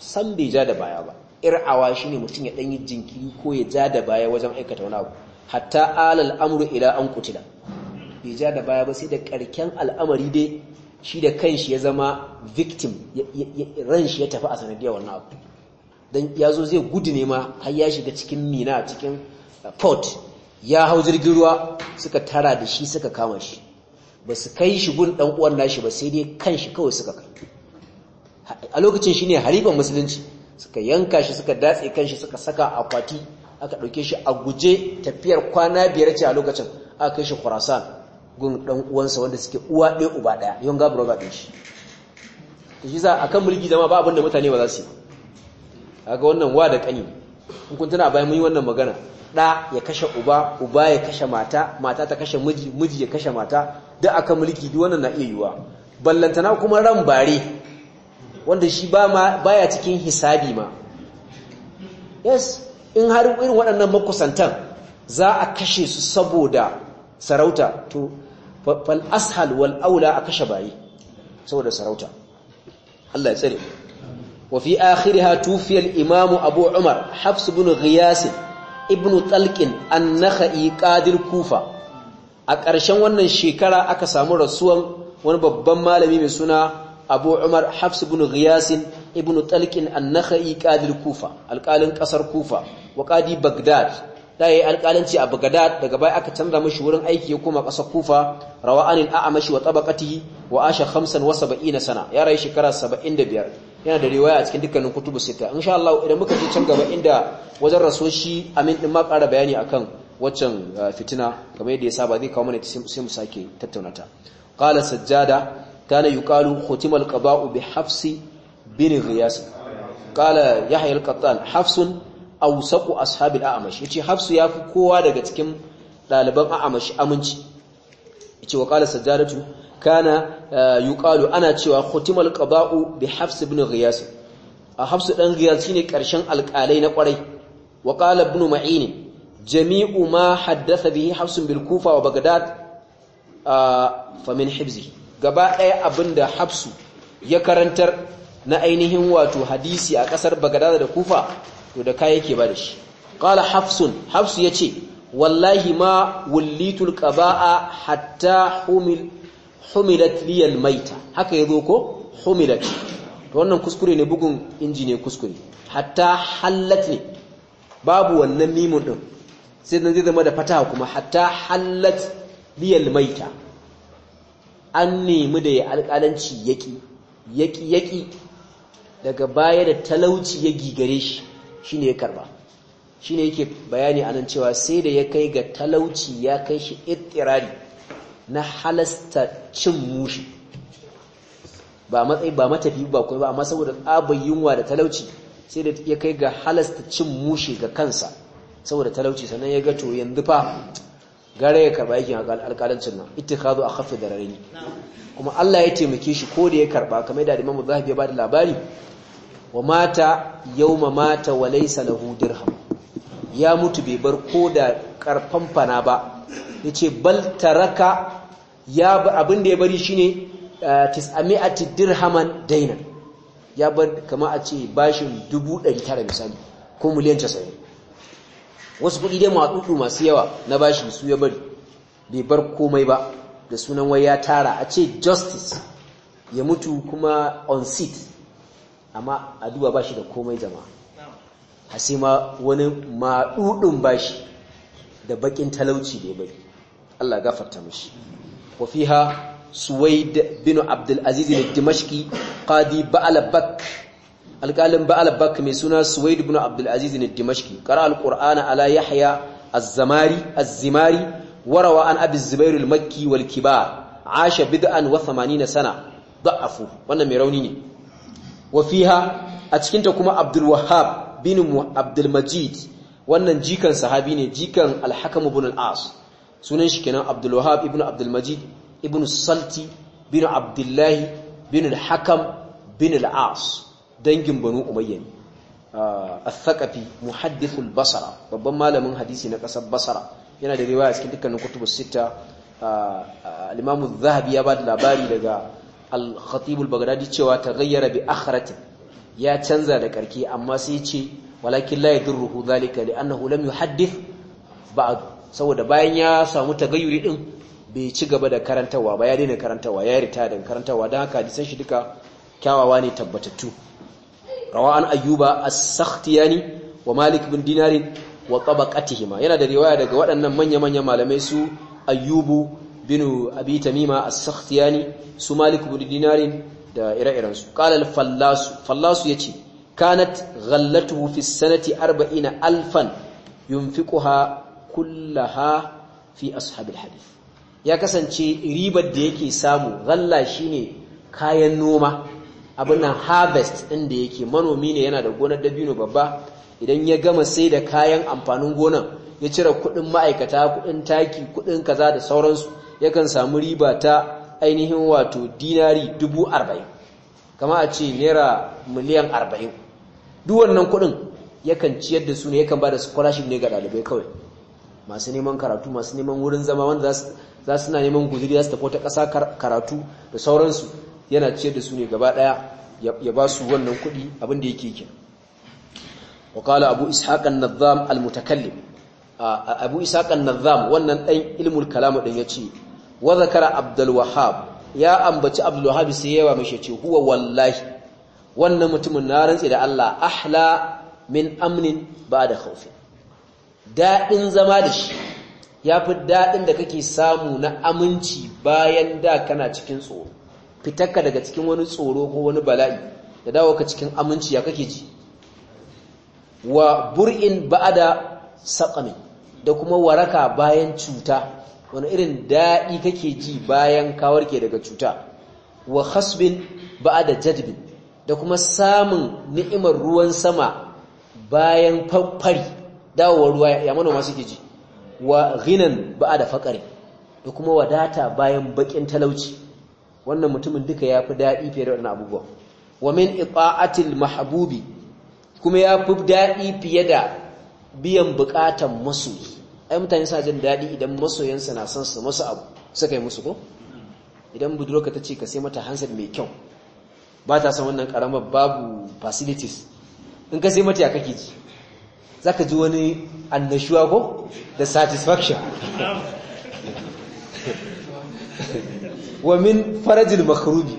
san bai ja da baya ba ir'awa shine mutum ya ɗan yi jinkiri ko ya ja da baya wajen aikata wani abu hatta alal amru ila an kutila bai ja da baya ba sai da karken al'amari dai shi da kanshi ya zama victim ran shi ya tafi a sanadiyar wannan abu Dan ya zo zai gudu ne ma har ya shiga cikin mina cikin uh, port ya hau jirgin ruwa suka tara da shi suka kama shi ba su kai shi gun dan uwan nashi ba sai dai kan shi kawai suka kai a lokacin shine harifan musulunci suka yanka shi suka datse kan shi suka saka akwati aka ɗauke shi a guje tafiyar kwana biyar ce a lokacin aka kai shi Khurasan gun dan uwansa wanda suke uwa ɗaya uba ɗaya yonga brother din shi shi za a kan mulki zama ba abin da mutane ba za su yi kaga wannan wa da kani in kun tana bayan mun yi wannan magana da ya kashe uba uba ya kashe mata mata ta kashe miji miji ya kashe mata duk aka mulki duk wannan na iya yiwa ballantana kuma ran bare wanda shi ba ma baya cikin hisabi ma yes in har irin waɗannan makusantan za a kashe su saboda sarauta to fal ashal wal aula a kashe bayi saboda sarauta Allah ya tsare وفي آخرها توفي الإمام أبو عمر حفص بن غياس ابن طلق النخعي قادر كوفة أكرشان wannan shekara aka samu rasuwan wani babban malami mai suna Abu Umar Hafs ibn Ghiyas ibn Talq an-Nakhai qadir Kufa alqalin kasar Kufa wa da yayi alƙalanci a Baghdad daga baya aka canza mashi wurin aiki ya koma rawa Kufa rawaanil a'mashi wa tabaqatihi wa asha 75 sana ya rayu shekara biyar yana da riwaya a cikin dukkanin kutubu sita sha Allah idan muka je can gaba inda wajen rasoshi amin din ma ƙara bayani akan waccan uh, fitina kamar yadda ya saba zai kawo mana sai mu sake tattauna ta qala sajjada kana yuqalu khutimal qaba'u bi hafsi bin ghiyas qala yahya al-qattan hafsun awsaqu ashabil a'mash yace hafsu yafi kowa daga cikin daliban a'mash aminci yace wa qala kana eh, yuqalu ana cewa khutimal qaba'u bi hafs ibn ghiyas hafs dan ghiyas shine karshen alqalai na kwarai wa qala ibn ma'in jami'u ma haddatha bihi hafs bil kufa wa bagdad eh, fa min hibzi gaba ɗaya abinda hafsu ya karantar na ainihin wato hadisi a kasar bagdad da kufa to da kai yake ba da shi qala hafsun hafsu yace wallahi ma wallitul qaba'a hatta humil humilat liyal maita haka yazo ko humilat to wannan kuskure ne bugun inji ne kuskure hatta halat ne babu wannan mimun din sai dan zai zama da fataha kuma hatta halat liyal maita an nemi da ya alƙalanci yaƙi yaƙi yaƙi daga baya da talauci ya gigare shi shine ya karba shine yake bayani anan cewa sai da ya kai ga talauci ya kai shi ittirari na halasta cin mushi ba matsayi ba matafi ba kuma ba amma saboda abin yunwa da talauci sai da ya kai ga halasta cin mushi ga kansa saboda talauci sannan ya ga to yanzu fa gare ya karba yakin alƙalancin nan ittikhadu akhaffi dararaini kuma Allah ya taimake shi ko da ya karba kamar da Imam Zahabi ya ba da labari wa mata yauma mata wa na lahu dirham ya mutu bai bar ko da karfan fana ba yace bal taraka ya abin da ya bari shine eh, tis'ami'ati dirhaman daina. ya bar kama a ce bashin dubu ɗari tara misali ko miliyan 90 wasu kuɗi dai maɗuɗu masu yawa na bashi su ya bari bai bar komai ba da sunan wai ya tara a ce justice ya mutu kuma on seat amma addu'a ba shi da komai jama'a Hasima ma wani maɗuɗin bashi da baƙin talauci da ya bari Allah gafarta mishi wa ha suwaid bin abdul aziz al-dimashqi qadi ba'al bak mai suna suwaid bin abdul aziz al-dimashqi qara ala yahya azzimari الزماري وروى عن ابي makki المكي والكبار عاش بدءا و80 سنه ضعفوه wannan mai rauni ne Wafiha a cikinta kuma Abdul bin Abdulmajid wannan jikan sahabi ne jikan Alhakamu hakam ibn sunan shi kenan abdulwahab Wahhab ibn Abdul ibn Salti bin Abdullahi bin al bin al'as dangin Banu Umayya ne al-Thaqafi ah, muhaddith al-Basra babban malamin hadisi na kasar Basra yana da riwaya cikin dukkanin kutubus sita ah, al-Imam adh-Dhahabi ya bada labari daga al-khatib al cewa taghayyara bi akhratin ya canza da karki amma sai ya ce walakin la yadurruhu zalika li'annahu lam yuhaddith ba'd saboda bayan ya samu tagayyuri din bai ci gaba da karantawa ba ya daina karantawa ya rita da karantawa dan haka hadisan shi duka kyawawa ne tabbatattu rawan an ayyuba as-sakhtiyani wa malik bin dinari wa tabaqatihima yana da riwaya daga waɗannan manya-manyan malamai su ayyubu bin abi tamima as-sakhtiyani su maliku ibn dinarin da ire-iren su fallasu fallasu ya ce kanat ghallatuhu fi sanati 40 alfan yunfiquha kullaha fi ashabil hadith ya kasance ribar da yake samu ghalla shine kayan noma abin harvest din da yake manomi ne yana da gonar dabino babba idan ya gama sai da kayan amfanin gonan ya cire kudin ma'aikata kudin taki kudin kaza da sauransu yakan samu riba ta ainihin wato dinari dubu arba'in kama a ce naira miliyan arba'in duk wannan kuɗin yakan ciyar da su ne yakan ba da scholarship ne ga ɗalibai kawai masu neman karatu masu neman wurin zama wanda za su na neman guziri za su tafi wata ƙasa karatu da sauransu yana ciyar da su ne gaba ɗaya ya ba su wannan kuɗi abin da yake kenan وقال أبو إسحاق abu nazam wannan dan ilmul ɗin din ce. wa zakara abdul wahab ya ambaci abdul wahab sai yawa mishi ce huwa wallahi wannan mutumin na rantsi da Allah ahla min amnin ba'da khawfin dadin zama da shi ya fi dadin da kake samu na aminci bayan da kana cikin tsoro fitarka daga cikin wani tsoro ko wani bala'i da dawo ka cikin aminci ya kake ji wa bur'in ba'da saqamin da kuma waraka bayan cuta wani irin daɗi kake ji bayan kawar ke daga cuta wa hasbin ba'a da jadbin da kuma samun ni'imar ruwan sama bayan fari dawowar ruwa ya manoma suke ji wa ba'a da faƙari, da kuma wadata bayan baƙin talauci wannan mutumin duka ya fi daɗi fiye da wani abubuwa wa min iƙa'atil mahabubi kuma ya fi daɗi fiye da biyan buƙatan masoyi ai mutane sa jin daɗi idan masoyansa na son su masu abu suka yi musu ko idan budurka ta ce ka sai mata handset mai kyau ba ta san wannan karamar babu facilities in ka sai mata ya kake ji za ka ji wani annashuwa ko da satisfaction (laughs) wa min farajin makrubi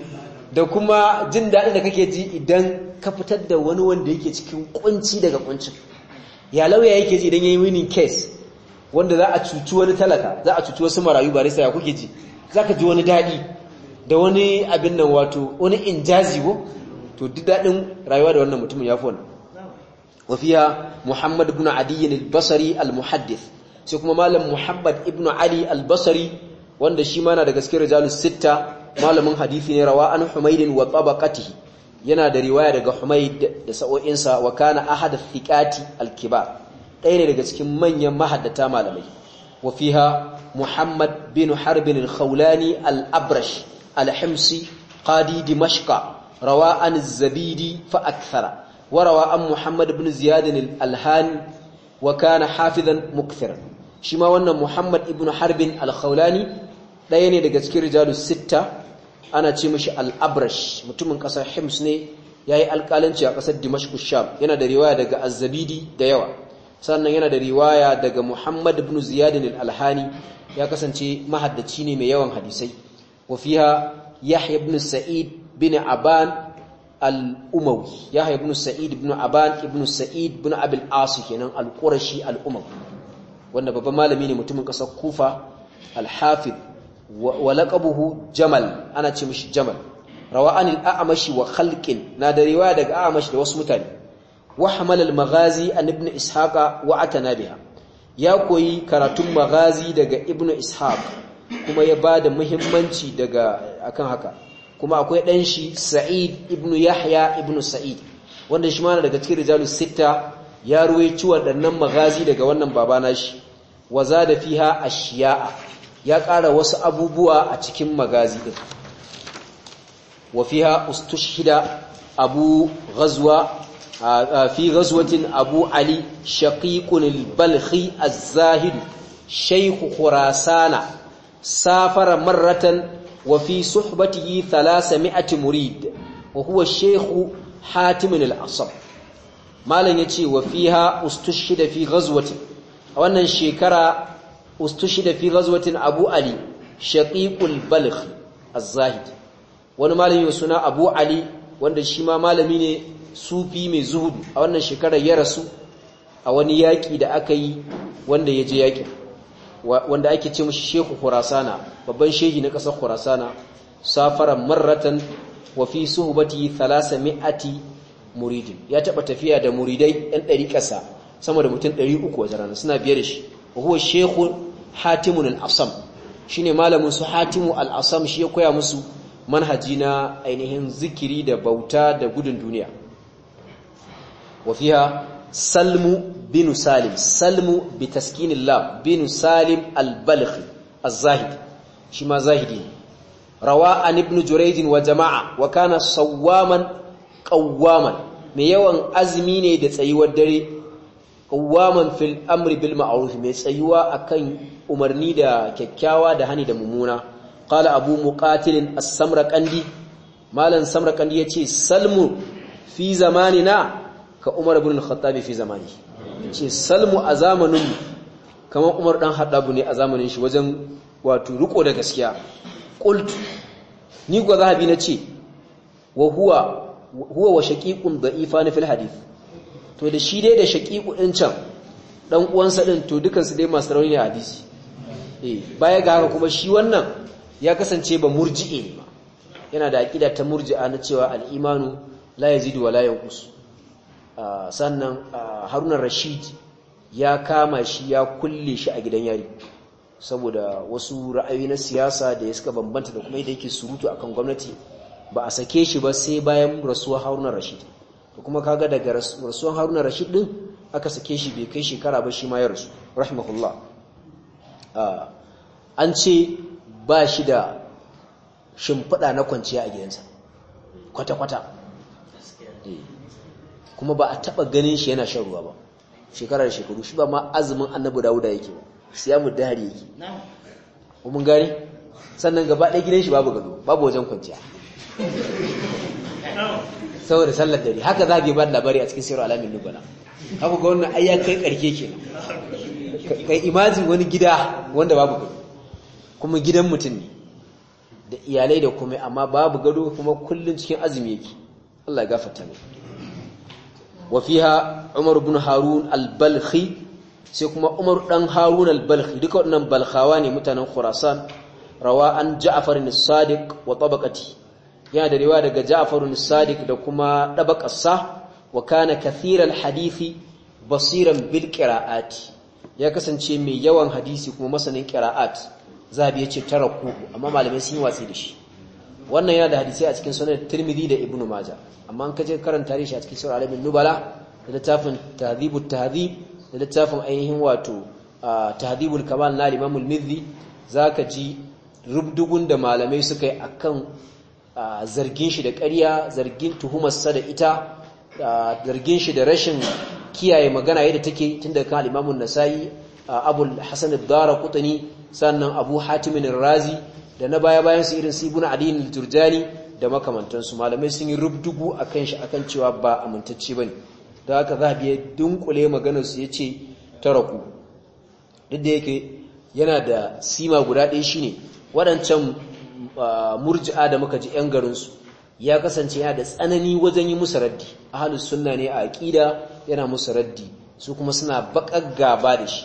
da kuma jin daɗin da kake ji idan ka fitar da wani wanda yake cikin kunci daga kuncin ya lauya yake ji idan ya yi winning case wanda za a cuci wani talaka za a cuci wasu marayu ba ya kuke ji za ka ji wani daɗi da wani abin nan wato wani in jazi ko to duk daɗin rayuwa da wannan mutumin ya fi wani. wafiya muhammad ibn adiyin al-basari al-muhaddith sai kuma malam muhammad ibn ali Albasari wanda shi mana da gaske rijalus sitta malamin hadisi ne rawa an humaydin wa tabaqatihi yana da riwaya daga humayd da sa'o'insa wa kana ahad thiqati al ɗaya ne daga cikin manyan mahaddata malamai wafiha muhammad bin harbin al-khawlani al-abrash al-himsi qadi dimashqa rawa an zabidi fa akthara wa rawa an muhammad bin ziyad al-alhan wa kana hafizan mukthiran shi ma wannan muhammad ibn harbin al-khawlani ɗaya ne daga cikin rijalus sitta ana ce mishi al-abrash mutumin ƙasar hims ne yayi alƙalanci a ƙasar dimashq sham yana da riwaya daga az-zabidi da yawa sannan yana da riwaya daga Muhammad ibn Ziyad al-Alhani ya kasance mahaddaci ne mai yawan hadisai wa fiha Yahya ibn Sa'id bin Aban al-Umawi Yahya ibn Sa'id ibn Aban ibn Sa'id ibn Abi al-As kenan al-Qurashi al-Umawi wanda babban malami ne mutumin kasar Kufa al-Hafiz wa laqabuhu Jamal ana ce mishi Jamal rawa anil a'mashi wa khalqin na da riwaya daga a'mashi da wasu mutane wa hamal al-maghazi an ibn ishaqa wa atana biha ya koyi karatun maghazi daga ibn ishaq kuma ya bada muhimmanci daga akan haka kuma akwai dan shi sa'id ibn yahya ibn sa'id wanda shi ma daga cikin rijalu sita, ya ruwaici waɗannan magazi daga wannan baba nashi wa zada fiha ashiya ya ƙara wasu abubuwa a cikin magazi din wa fiha ustushida abu ghazwa fi ghazwatin abu ali shaqiqun al-balhi az-zahid shaykh khurasana safara marratan wa fi suhbatihi 300 murid wa huwa shaykh hatim al-asab malan yace wa fiha ustushida fi ghazwatin a wannan shekara ustushida fi ghazwatin abu ali shaqiqul balkh az-zahid wani malami suna abu ali wanda shi ma malami ne sufi mai zuhudu a wannan shekarar ya rasu a wani yaƙi da aka yi wanda ya je yaƙi wanda ake ce mashi shehu khurasana babban shehi na ƙasar khurasana safara marratan wa fi suhbati 300 muridin ya taɓa tafiya da muridai ɗan ɗari ƙasa sama da mutum ɗari uku wajen rana suna biyar da shi huwa shehu hatimun al-asam shine malamin su hatimu al-asam shi ya koya musu manhaji na ainihin zikiri da bauta da gudun duniya وفيها سلم بن سالم سلم بتسكين الله بن سالم البلخي الزاهد شما زاهدين روى عن ابن جريج وجماعة وكان صواما قواما mai yawan azumi ne da tsayuwar dare qawwaman fil amri bil ma'ruf mai tsayuwa akan umarni da kyakkyawa da hani da mumuna qala abu muqatil as-samraqandi malan samraqandi yace salmu fi zamanina ka Umar ibn al-Khattab fi zamani ce salmu a zamanin mu kamar Umar dan Haddab ne a zamanin shi wajen wato riko da gaskiya Kultu. ni ko zahabi nace wa huwa shaƙiƙun wa shaqiqun da'ifan fil hadith to da shi dai da shaqiqu ɗin can dan uwansa din to dukansu dai masu rauni a hadisi eh baya ga haka kuma shi wannan ya kasance ba murji'i ba yana da aƙida ta murji'a na cewa al-imanu la yazidu wa la yanqus Ah, sannan ah, haruna rashid ya kama shi ya kulle shi a gidan yari saboda wasu ra'ayi na siyasa da ya suka bambanta da kuma yadda yake surutu akan gwamnati ba a sake shi ba sai bayan rasuwar haruna rashid da kuma kaga daga rasuwar haruna rashid din aka sake shi bai kai shekara ba shi ma ya rasu rahimahullah ah, an ce ba shi da shimfiɗa na kwanciya a gidansa kwata-kwata kuma ba a taba ganin shi yana shan ruwa ba shekara da shekaru shi ba ma azumin annabi dawuda yake ba siyamu dari yake kuma gari sannan gaba ɗaya gidan shi babu gado babu wajen kwanciya saboda sallar dare haka za ka ba labari a cikin sayar alamin nubala haka ga wannan ayya kai karke ke kai imajin wani gida wanda babu gado kuma gidan mutum ne da iyalai da kuma amma babu gado kuma kullum cikin azumi yake Allah ya gafarta mai Wafiha Umar bin Harun al-Balkhi sai kuma Umar dan Harun al-Balkhi duka waɗannan balkhawa ne mutanen Khurasan rawa an Ja'far as-Sadiq wa tabaqati yana da riwaya daga Ja'far as-Sadiq da kuma tabaqarsa wa kana kathiran hadisi basiran bil qira'ati ya kasance mai yawan hadisi kuma masanin qira'at zabi yace taraku amma malamai sun yi watsi da shi wannan yana da hadisai a cikin sunan tirmidhi da ibnu maja amma an kaje karanta shi a cikin sunan alamin nubala da littafin tahdhibut tahdhib da littafin ainihin wato tahdhibul kamal na imam al-mizzi zaka ji rubdugun da malamai suka yi akan zargin shi da ƙarya zargin tuhumar sa da ita zargin shi da rashin kiyaye magana yadda take tunda kan al-imam an-nasai abul hasan ad-darqutni sannan abu hatim ar-razi da na baya bayan su irin sibuna addinin turjani da makamantansu malamai sun yi rubdugu a akan shi akan cewa ba amintacce ba ne da haka zahabi ya dunkule maganar su yace taraku duk da yake yana da sima guda ɗaya shi ne waɗancan murji'a da muka ji yan garinsu ya kasance yana da tsanani wajen yi musu raddi halin suna ne a aƙida yana musu raddi su kuma suna baƙar gaba da shi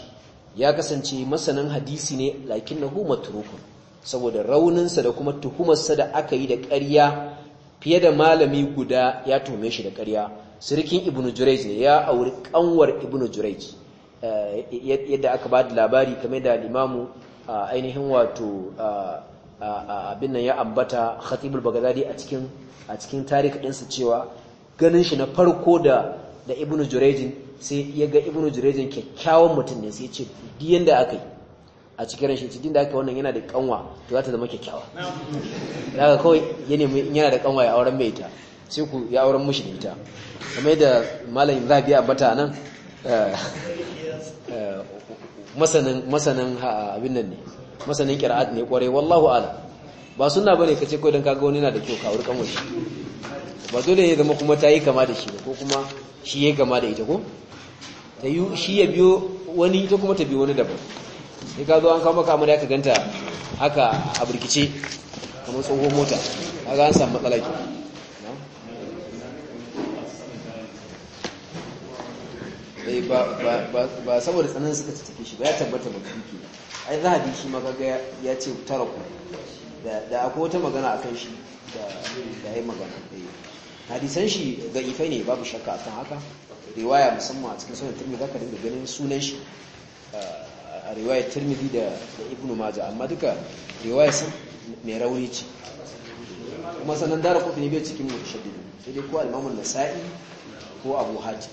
ya kasance masanin hadisi ne lakin lakinnahu matrukun saboda rauninsa da kuma tuhumarsa da aka yi da ƙarya fiye da malami guda ya tuhume shi da ƙarya sirkin Ibn jurej ne ya auri kanwar Ibn jurej eh, yadda aka ba da labari kamar da limamu ah, ainihin wato ah, ah, abin nan ya ambata khatibul bagadadi a cikin a cikin tarihi ɗinsa cewa ganin shi na farko da da ibnu sai ya ga ibnu jurejin kyakkyawan mutum ne sai ce duk yanda aka yi a cikin rashin cikin da aka wannan yana da kanwa to za ta zama kyakkyawa daga kawai yana da kanwa ya auren mai ita sai ku ya auren mushi da ita kamar yadda malam za a bata nan eh, eh, masanin masanin abin nan ne masanin qira'at ne kware wallahu ala ba suna bane kace ko dan kaga wani yana da kyau ka aure kanwa shi ba dole ya zama kuma ta yi kama da shi ko kuma shi ya gama da ita ko ta yi shi ya biyo wani ita kuma ta biyo wani daban sai ka zo an kawo maka amarya ka ganta haka a burkice kamar tsohon mota a ga an samu matsala ke ba saboda tsanan suka tattake shi ba ya tabbata ba kuke ai bi shi ma kaga ya ce tara ku da akwai wata magana a kan shi da ya yi magana eh, hadisan shi ga ifai ne babu shakka akan haka waya musamman a cikin sunan turmi zaka dinga ganin sunan shi ah, a riwayar tirmidhi da ibn maja amma duka riwaya sun mai rauni ce kuma sannan dara kuɗi ne bai cikin mushaddidu sai dai ko almamun nasa'i ko abu haji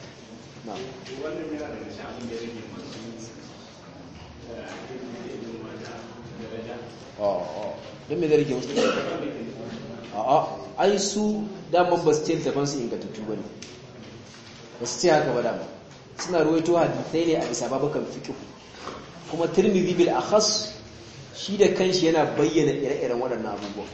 na don mai zarge musu a ai su da ba su ce littafan su ingantattu ba ne ba su ce haka ba dama suna ruwaito hadithai ne a bisa babakan fikihu kuma tirmidhi bil akhas shi da kanshi yana bayyana ire-iren waɗannan abubuwan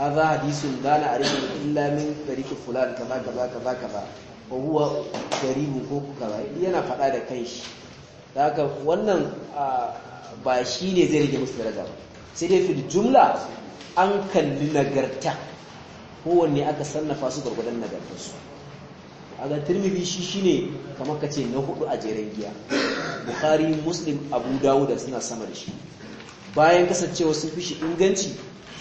hadha hadisun la na'rifu illa min tariqi fulan kaza kaza kaza kaza wa huwa garibu ko kaza yana faɗa da kanshi haka wannan ba shi ne zai rage musu daraja ba sai dai fil jumla an kalli nagarta kowanne aka sannafa su gwargwadon nagartarsu kaga tirmidhi shi shine kamar ka ce na hudu a jeren giya bukhari muslim abu dawud suna sama da shi bayan kasancewa sun fi shi inganci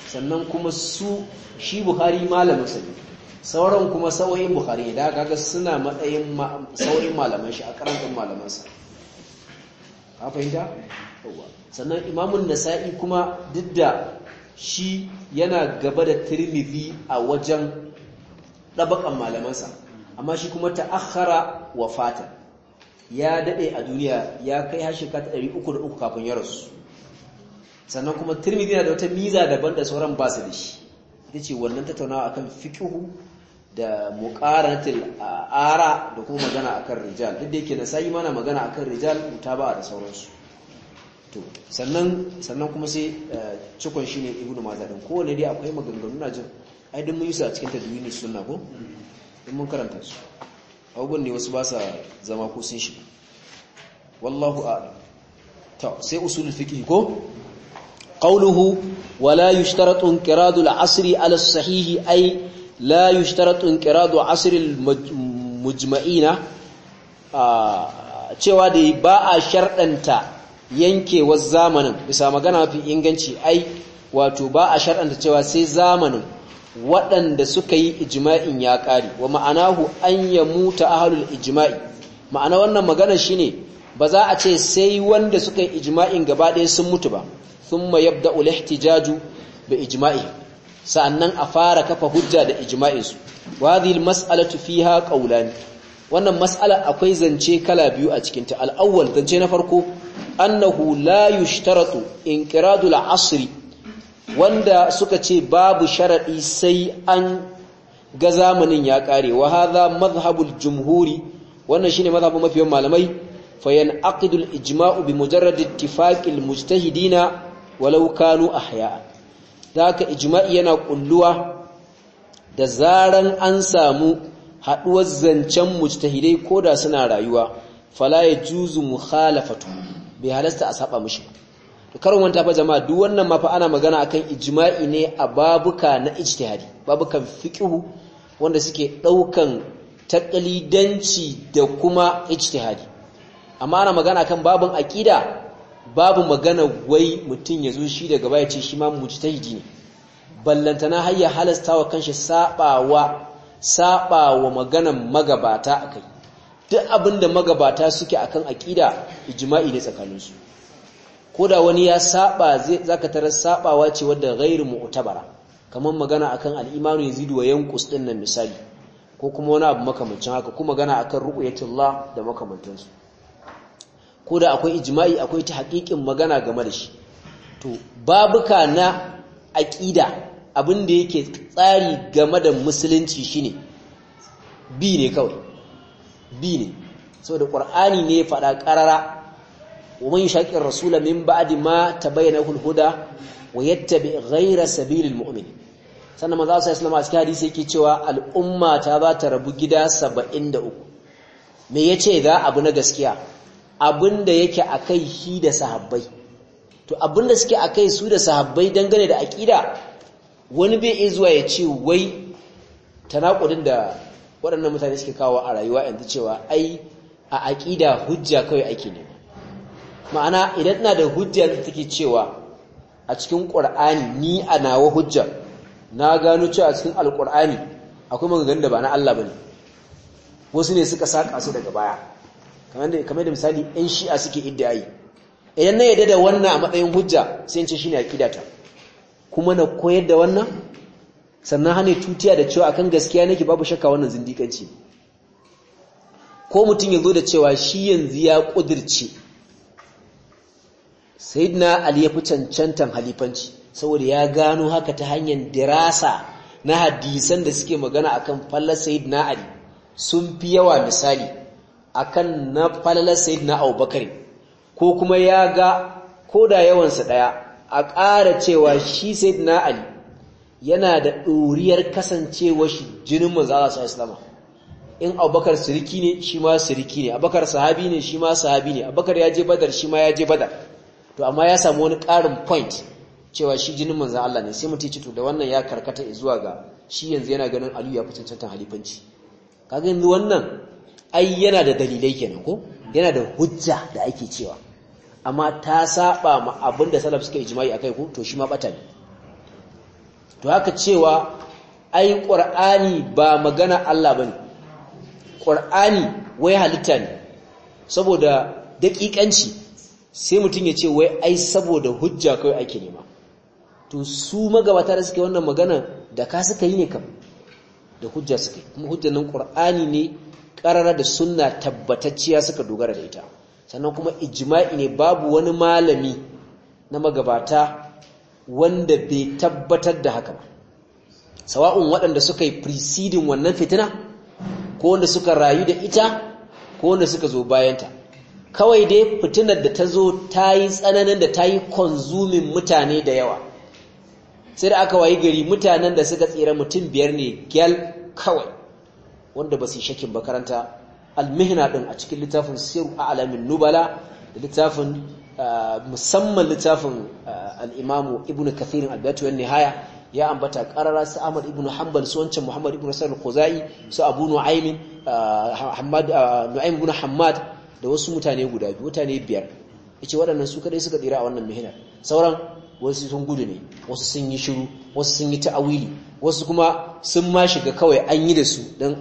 sannan kuma su shi bukhari malamin sa ne sauran kuma sauyin bukhari ne da kaga suna matsayin sauyin malaman shi a karantin malaman sa ka fahimta sannan imamun nasa'i kuma duk da shi yana gaba da tirmidhi a wajen ɗabakan malamansa amma shi kuma ta'akhkhara wafata ya dade a duniya ya kai har shekara 303 kafin ya rasu sannan kuma Tirmidhi na da wata miza daban da sauran ba su da shi ita ce wannan tattaunawa akan fiqhu da muqaratil ara da kuma magana akan rijal duk da yake na sai mana magana akan rijal mutaba da sauransu to sannan sannan kuma sai eh, cikon shine ibnu majah din ne dai akwai maganganu na jin ai duk mun yi su a cikin tadwini sunna ko in mun karanta su abubuwan ne wasu ba sa zama ko sun shi wallahu ta sai usulul fiqh ko qawluhu wala yushtaratu inqiradu al-asri ala sahihi sahih ay la yushtaratu inqiradu asri asirin mujmaina cewa da ba a sharɗanta yankewar zamanin bisa magana mafi inganci ai wato ba a sharɗanta cewa sai zamanin waɗanda suka yi ijima'in ya ƙari wa ma'anahu an ya muta ahalul ijma'i ma'ana wannan magana shine ba za a ce sai wanda suka yi ijima'in gaba ɗaya sun mutu ba sun yabda ul ihtijaju bi ijma'i sa'annan a fara kafa hujja da ijma'in su wa mas'alatu fiha qawlan wannan mas'ala akwai zance kala biyu a cikin ta al awwal zance na farko annahu la yushtaratu inqiradul asri wanda suka ce babu sharaɗi sai an ga zamanin ya ƙare wa haza mazhabul jumhuri wannan shine mazhabin mafiyan malamai fayan aqidul ijma'u bi mujarrad ittifaqil mujtahidina walau kanu ahya daka ijma'i yana kulluwa da zaran an samu haduwar zancen mujtahidai koda suna rayuwa fala yajuzu mukhalafatu bi halasta asaba mushi to karin wanta fa jama'a duk wannan ma fa ana magana akan ijma'i ne a babuka na ijtihadi babukan fiqhu wanda suke daukan taqlidanci da kuma ijtihadi amma ana magana akan babun aqida babu magana wai mutun yazo shi daga baya ce shi ma mujtahidi ne ballantana har ya halasta wa kanshi sabawa sabawa maganan magabata akai duk abinda magabata suke akan aqida ijma'i ne tsakaninsu ko da wani ya saba zaka tarar sabawa ce wadda ghairu mu'tabara kamar magana akan al-imanu yazidu wa yanqus din nan misali ko kuma wani abu makamancin haka kuma magana akan ru'yatullah da su, ko da akwai ijma'i akwai ta haƙiƙin magana game da shi to babuka na aqida abin da yake tsari game da musulunci shine bi ne kawai bi ne saboda qur'ani ne ya faɗa ƙarara ومن يشاقق الرسول من بعد ما تبين له الهدى ويتبع غير سبيل المؤمنين sannan manzo sallallahu alaihi wasallam hadisi yake cewa al'umma ta za ta rabu gida 73 me yace za, abu na gaskiya abinda yake akai shi da sahabbai to abinda suke akai su da sahabbai dangane da aqida wani bai iya zuwa ya ce wai tanakudin da waɗannan mutane suke kawo a rayuwa yanzu cewa ai a aqida hujja kawai ake ne ma'ana idan ina da hujja da take cewa a cikin qur'ani ni a nawa hujja na gano cewa a cikin alqur'ani akwai maganganun da ba na Allah bane wasu ne suka saka su daga baya kamar da misali yan shi'a suke iddai idan na yadda da wannan a matsayin hujja sai in ce shine aqidata kuma na koyar da wannan sannan hane tutiya da cewa akan gaskiya nake babu shakka wannan zindikanci ko mutum ya zo da cewa shi yanzu ya kudirce sayyidina ali ya fi cancantan halifanci saboda ya gano haka ta hanyar dirasa na hadisan da suke magana akan fallar sayyidina ali sun fi yawa misali akan na fallar sayyidina abubakar ko kuma ya ga ko da yawansa daya a ƙara cewa shi sayyidina ali yana da ɗoriyar kasancewa shi jinin Maza" Allah sallallahu alaihi in abubakar siriki ne shi ma siriki ne abubakar sahabi ne shi ma sahabi ne abubakar ya je badar shi ma ya je badar to amma ya samu wani ƙarin point cewa shi jinin manzan Allah ne sai mutum ci to da wannan ya karkata zuwa ga shi yanzu yana ganin Aliyu ya fi cancantan halifanci kaga yanzu wannan ai yana da dalilai kenan ko yana da hujja da ake cewa amma ta saba ma abinda salaf suka ijma'i akai ko to shi ma bata ne to haka cewa ai qur'ani ba magana Allah bane qur'ani wai halitta ne saboda daƙiƙanci sai mutum ya ce wai ai saboda hujja kawai ake nema to su magabata da suke wannan magana da ka suka yi ne kam da hujja suka kuma hujjar nan qur'ani ne karara da sunna tabbatacciya suka dogara da ita sannan kuma ijma'i ne babu wani malami na magabata wanda bai tabbatar da haka ba sawa'un waɗanda suka yi preceding wannan fitina ko wanda suka rayu da ita ko wanda suka zo bayanta kawai dai fitinar da ta zo ta yi tsananin da ta yi konzumin mutane da yawa sai da aka wayi gari mutanen da suka tsira mutum biyar ne gyal kawai wanda ba su yi shakin bakaranta almihina ɗin a cikin littafin siru a alamin nubala da littafin uh, musamman littafin uh, al'imamu ibn kathirin albatu yan nihaya ya ambata karara su ahmad ibn hanbal su wancan muhammad ibn sarar khuzai su abu nu'aimin uh, hamad da wasu mutane guda biyu mutane biyar yace waɗannan su kadai suka tsira a wannan mihinar sauran wasu sun gudu ne wasu sun yi shiru wasu sun yi ta'awili wasu kuma sun ma shiga kawai an yi da su dan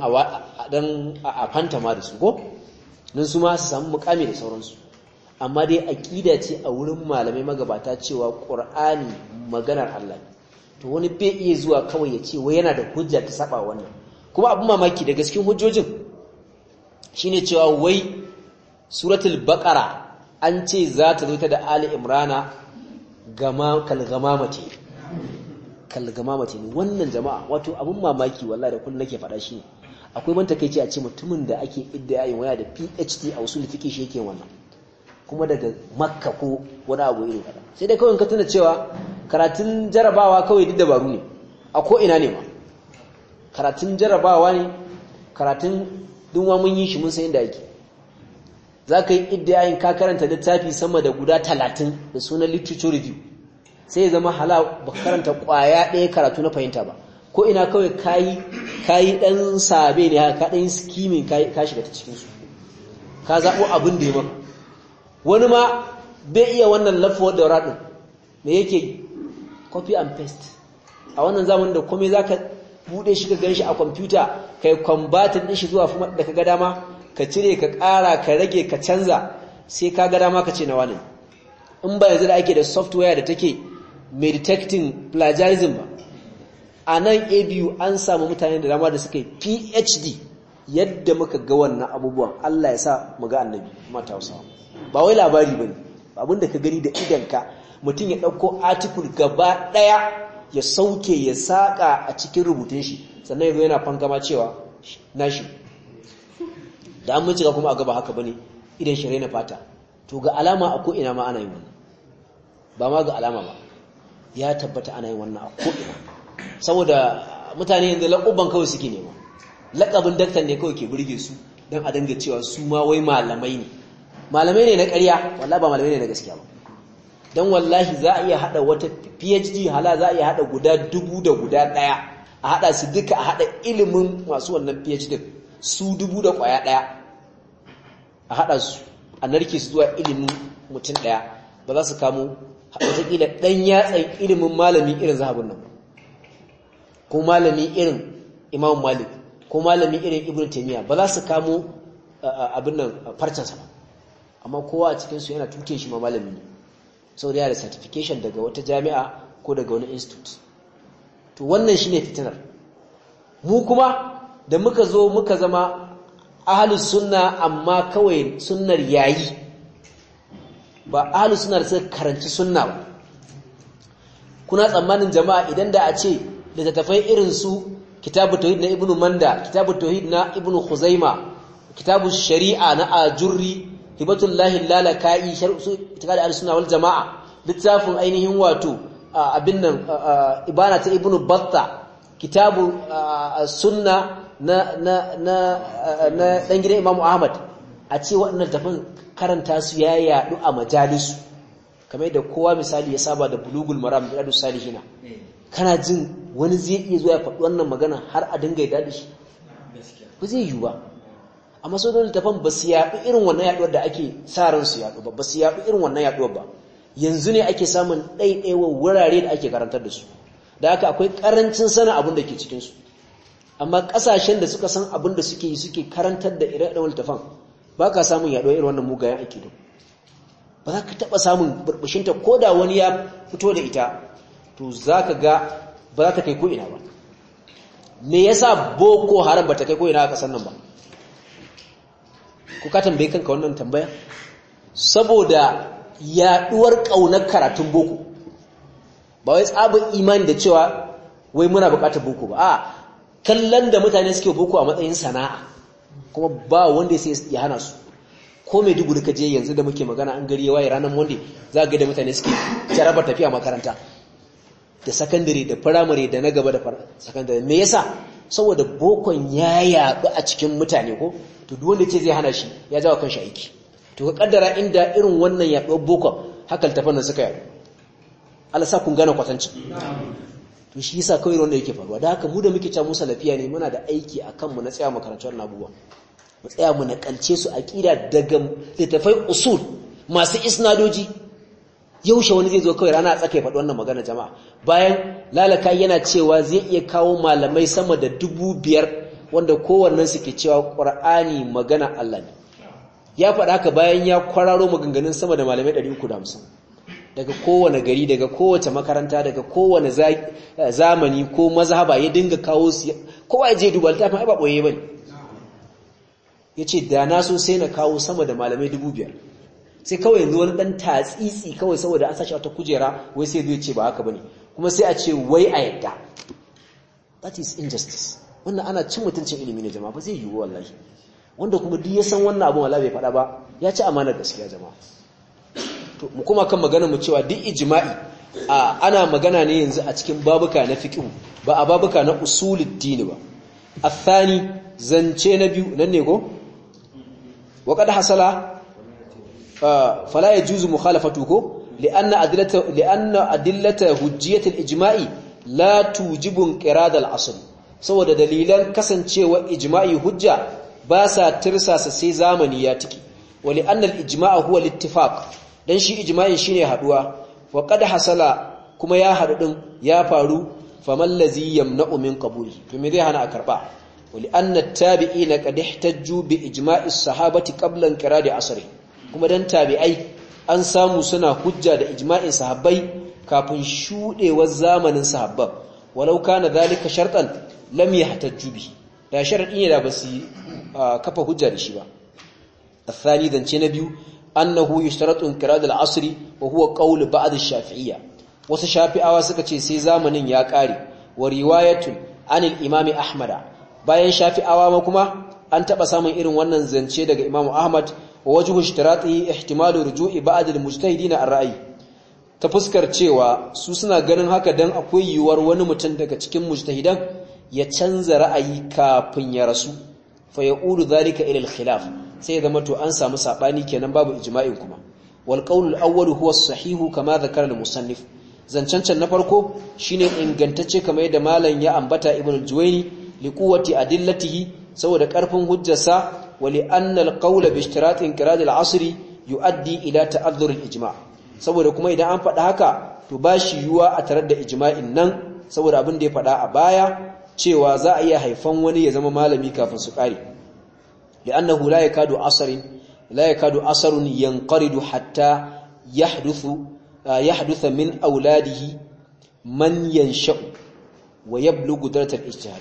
a fanta ma da su ko nan su ma su samu mukami da sauransu amma dai aƙida ce a wurin malamai magabata cewa ƙur'ani maganar Allah to wani bai iya zuwa kawai ya ce wai yana da hujja ta saba wannan kuma abin mamaki da cikin hujjojin shine cewa wai suratul baqara an ce za ta zo ta da ali imrana gama kalgamamati kalgamamati ne wannan jama'a wato abun mamaki wallahi da kullum nake faɗa shi akwai man takeici a ce mutumin da ake iddayayin waya da PhD a usul fiqh shi yake wannan kuma daga makka ko wani abu irin kada sai dai kawai ka tuna cewa karatun jarabawa kawai duk dabaru ne a ko ina ne ma karatun jarabawa ne karatun wa mun yi shi mun san inda yake za ka yi iddiyayin ka karanta littafi sama da guda talatin da sunan literature review sai zama hala ba karanta kwaya ɗaya karatu na fahimta ba ko ina kawai kayi kayi ɗan sabe ne haka ɗan skimin ka shiga ta cikinsu ka zaɓo abin da ya wani ma bai iya wannan lafawar daura raɗin me yake copy and paste a wannan zamanin da komai za ka buɗe shi ka ganshi a kwamfuta kai kwambatin ɗin shi zuwa da ka ga dama ka cire ka ƙara ka rage ka canza sai ka ga dama ka ce na wani in ba yanzu da ake da software da take mai detecting plagiarism ba a nan abu an samu mutane da dama da suka yi phd yadda muka ga wannan abubuwan allah ya sa mu ga annabi mata hausawa ba wai labari ba ne abinda ka gani da ka mutum ya ɗauko article gaba ɗaya ya sauke ya saƙa a cikin rubutun shi sannan ya yana fankama cewa nashi da an mutu kuma a gaba haka bane idan shirai na fata to ga alama a ko ina ma ana yin wannan ba ma ga alama ba ya tabbata ana yin wannan a ko ina saboda mutane yanzu laƙuban kawai suke nema laƙabin daktar ne kawai ke burge su don a dinga cewa su ma wai malamai ne malamai ne na ƙarya walla ba malamai ne na gaskiya ba don wallahi za a iya haɗa wata phd hala za a iya haɗa guda dubu da guda ɗaya a haɗa su duka a haɗa ilimin masu wannan phd su dubu da kwaya daya a hada su a narke su zuwa ilimin mutum daya ba za su kamo watakila dan yatsan ilimin malami irin zahabun nan ko malami irin imam malik ko malami irin ibn taymiya ba za su kamo abin nan farcansa ba amma kowa a cikinsu yana tuke shi ma malami ne sau da certification daga wata jami'a ko daga wani institute to wannan shi ne fitinar mu kuma da muka zo muka zama ahalus sunna amma kawai sunnar yayi ba ahalus sunna suka karanci sunna ba kuna tsammanin jama'a idan da a ce littattafai irin su kitabu tauhid na ibnu manda kitabu tauhid na ibnu khuzaima kitabu shari'a na ajurri lahi lalaka'i shar'u itikad al-sunna wal jama'a littafin ainihin wato abin nan ibana ta ibnu batta kitabu sunna na ɗan eh, gidan imamu Ahmad a ce waɗannan tafin karanta su ya yaɗu a majalisu kamar yadda kowa misali ya saba da bulugul maram da ɗadu salihina kana jin wani zai iya zuwa ya faɗi wannan magana har a dinga ya da shi ba zai yiwu ba amma sau da tafan ba su yaɗu irin wannan yaɗuwar da ake sa ran su yaɗu ba ba su yaɗu irin wannan yaɗuwar ba yanzu ne ake samun ɗaiɗaiwa wurare da ake karantar da su da haka akwai ƙarancin sana abin da ke cikinsu amma kasashen da suka san abin da suke yi suke karantar da ire-iren littafan ba ka samun yaɗo irin wannan mugayen akidu ba za ka taɓa samun burbushinta ko da wani ya fito da ita to za ka ga ba za ta kai ko'ina ba me ya sa boko haram ba ta kai ko'ina a ƙasar nan ba ku ka tambaye kanka wannan tambaya saboda yaɗuwar ƙaunar karatun boko ba wai tsabin imani da cewa wai muna buƙatar boko ba a kallon da mutane suke boko a matsayin sana'a kuma ba wanda sai ya hana su ko mai dubu da kaje yanzu da muke magana an gari yawai ranar monday za ga da mutane suke jarabar tafiya makaranta da sakandare da firamare da na gaba da sakandare me yasa saboda bokon ya yaɓi a cikin mutane ko to duk wanda ce zai hana shi ya jawo shi aiki to ka kaddara inda irin wannan yaɗuwar bokon hakan tafannan suka yaɗu Allah sa kun gane kwatanci to shi yasa kawai wanda yake faruwa da haka mu da muke ta musa lafiya ne muna da aiki akan mu na tsaya makarantar nabuwa mu tsaya mu nakalce su aqida daga litafai usul masu isnadoji yaushe wani zai zo kawai rana a tsaka ya faɗi wannan magana jama'a bayan lalaka yana cewa zai iya kawo malamai sama da dubu biyar wanda kowannen su ke cewa ƙwar'ani magana Allah ne ya faɗa haka bayan ya kwararo maganganun sama da malamai ɗari uku da hamsin daga kowane gari daga kowace makaranta daga kowane eh, zamani ko mazhaba ya dinga kawo su kowa ya je duba littafin ai ba boye Ya ce da na so sai na kawo sama da malamai dubu biyar. sai kawai yanzu wani ɗan tatsitsi kawai saboda an sashi wata kujera wai sai zai ce ba haka ba ne. kuma sai a ce wai a yadda that is injustice wannan ana cin mutuncin ilimi ne jama'a ba zai yiwu wallahi wanda kuma duk ya san wannan abin wallahi bai faɗa ba ya ci amanar gaskiya jama'a mu kuma kan magana mu cewa duk ijma'i ana magana ne yanzu a cikin babuka na fiqh ba a babuka na usuluddin ba athani zance na biyu nan ne ko wa qad hasala fala yajuzu mukhalafatu ko li'anna adillata li'anna adillata hujjiyat al-ijma'i la tujibu inqirad al saboda dalilan kasancewa ijma'i hujja ba sa tirsasa sai zamani ya tiki wa li'anna al-ijma'u huwa al-ittifaq dan shi ijma'i shine haduwa wa qad hasala kuma ya hadu din ya faru faman ladhi yamna'u min qabuli to me zai hana a karba wali anna tabi'ina qad ihtajju bi ijma'i sahabati qabla inqiradi asri kuma dan tabi'ai an samu suna hujja da ijma'in sahabbai kafin shudewar zamanin sahabban walau kana dhalika shartan lam yahtajju bi da sharadi ne da basu ah, kafa hujja da shi ba zance na biyu. annahu yushtaratu inqirad al-asr wa huwa qawl ba'd ash-shafi'iyya wasu shafi'awa suka ce sai zamanin ya kare wa riwayatun an al-imam ahmad bayan shafi'awa ma kuma an taba samun irin wannan zance daga imam ahmad wa wajhu ishtiratihi ihtimalu ruju'i ba'd al-mujtahidin ar-ra'yi ta fuskar cewa su suna ganin haka dan akwai yiwuwar wani mutum daga cikin mujtahidan ya canza ra'ayi kafin ya rasu fa ya'udu dhalika ila al-khilaf sai ya zama to an samu sabani kenan babu ijma'in kuma wal qawlul awwal huwa sahihu kama dhakara al musannif zancancan na farko shine ingantacce kamar yadda malam ya ambata ibn juwayni li quwwati adillatihi saboda karfin hujjarsa wa li anna al-qawl bi ishtirat inqirad al-asr yuaddi ila ta'dhur al-ijma' saboda kuma idan an faɗi haka to bashi yuwa a tarar da ijma'in nan saboda abin da ya faɗa a baya cewa za a iya haifan wani ya zama malami kafin su kare لانه لا يكاد اثر لا يكاد اثر ينقرض حتى يحدث يحدث من اولاده من ينشأ ويبلغ درجه الاجتهاد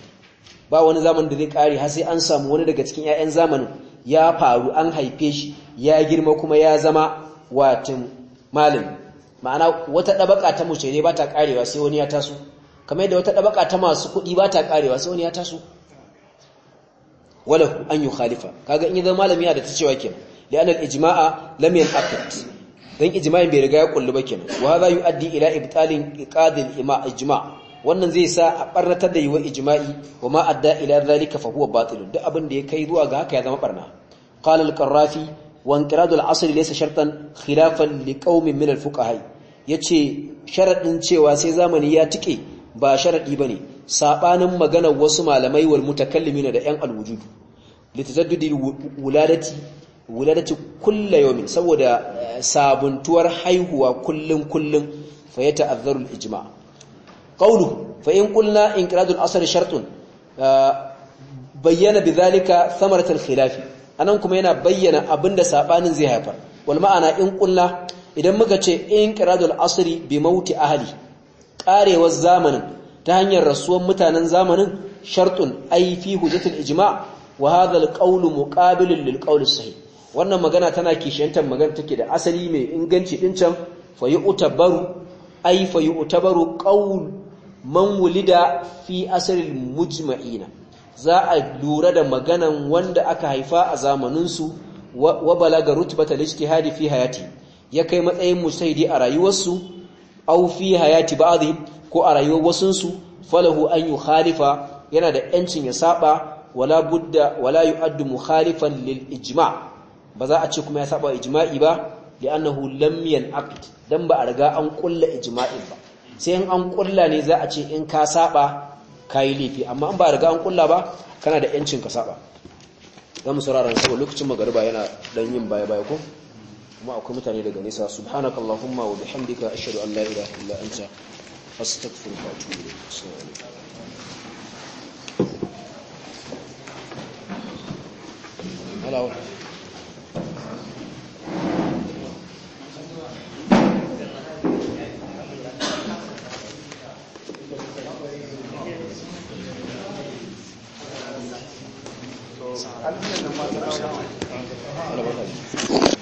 ba wani zaman da zai kare har sai an samu wani daga cikin ƴaƴan zamanin ya faru an haife shi ya girma kuma ya zama watin malami ma'ana wata dabaka ta mushrikai ba ta karewa sai wani ya taso kamar yadda wata dabaka ta masu kuɗi ba ta karewa sai wani ya taso walahu an khalifa kaga in zama malami yana da ta cewa kenan li'anna al-ijma'a lam yanqat dan ijma'in bai riga ya kullu ba kenan wa hadha yu'addi ila ibtalin iqad al-ima' ijma' wannan zai sa a barnatar da yiwa ijma'i wa ma adda ila zalika fa huwa batil duk abin da ya kai zuwa ga haka ya zama barna qala al-qarrafi wa inqiradu al-asr laysa shartan khilafan liqaumin min al-fuqaha yace sharadin cewa sai zamani ya tike ba sharadi bane sabanin maganar wasu malamai wal mutakallimin da yan alwujud litataddudi wuladati wuladati kulla yawmin saboda eh, sabuntuwar haihuwa kullun kullun fa yata'azzaru al-ijma' qawluhu fa in qulna inqiradu asr shartun eh, bayyana bidhalika samartar al anan kuma yana bayyana abinda sabanin zai haifar wal ma'ana in qulna idan muka ce inqiradu asri asr bi mauti ahli karewar zamanin ta hanyar rasuwan mutanen zamanin shartun aifi fi hujjatul ijma' wa hadha al-qawl muqabilun lil wannan magana tana kishiyantar magana take da asali mai inganci din can fa yu'tabaru ai fa yu'tabaru qawl man wulida fi asril mujma'ina za a lura da maganan wanda aka haifa a zamaninsu wa balaga rutbata lijtihadi fi hayati ya kai matsayin musaidi a rayuwarsu au fi hayati ba'dhi ko a rayuwar wasunsu falahu an yi khalifa yana da ‘yancin ya saba wala budda wala yu'addu mukhalifan lil ijma ba za a ce kuma ya saba ijima'i ba li'annahu lam yanqid don ba a riga an kulla ijima’in ba sai in an kulla ne za a ce in ka saba yi lifi amma an ba a riga an kulla ba kana da ‘yancin ka saba za mu sauraron saboda lokacin magariba yana dan yin baya baya ko kuma akwai mutane daga nesa subhanakallahumma wa bihamdika ashhadu an la ilaha illa anta أستغفرك وأتوب إليك السلام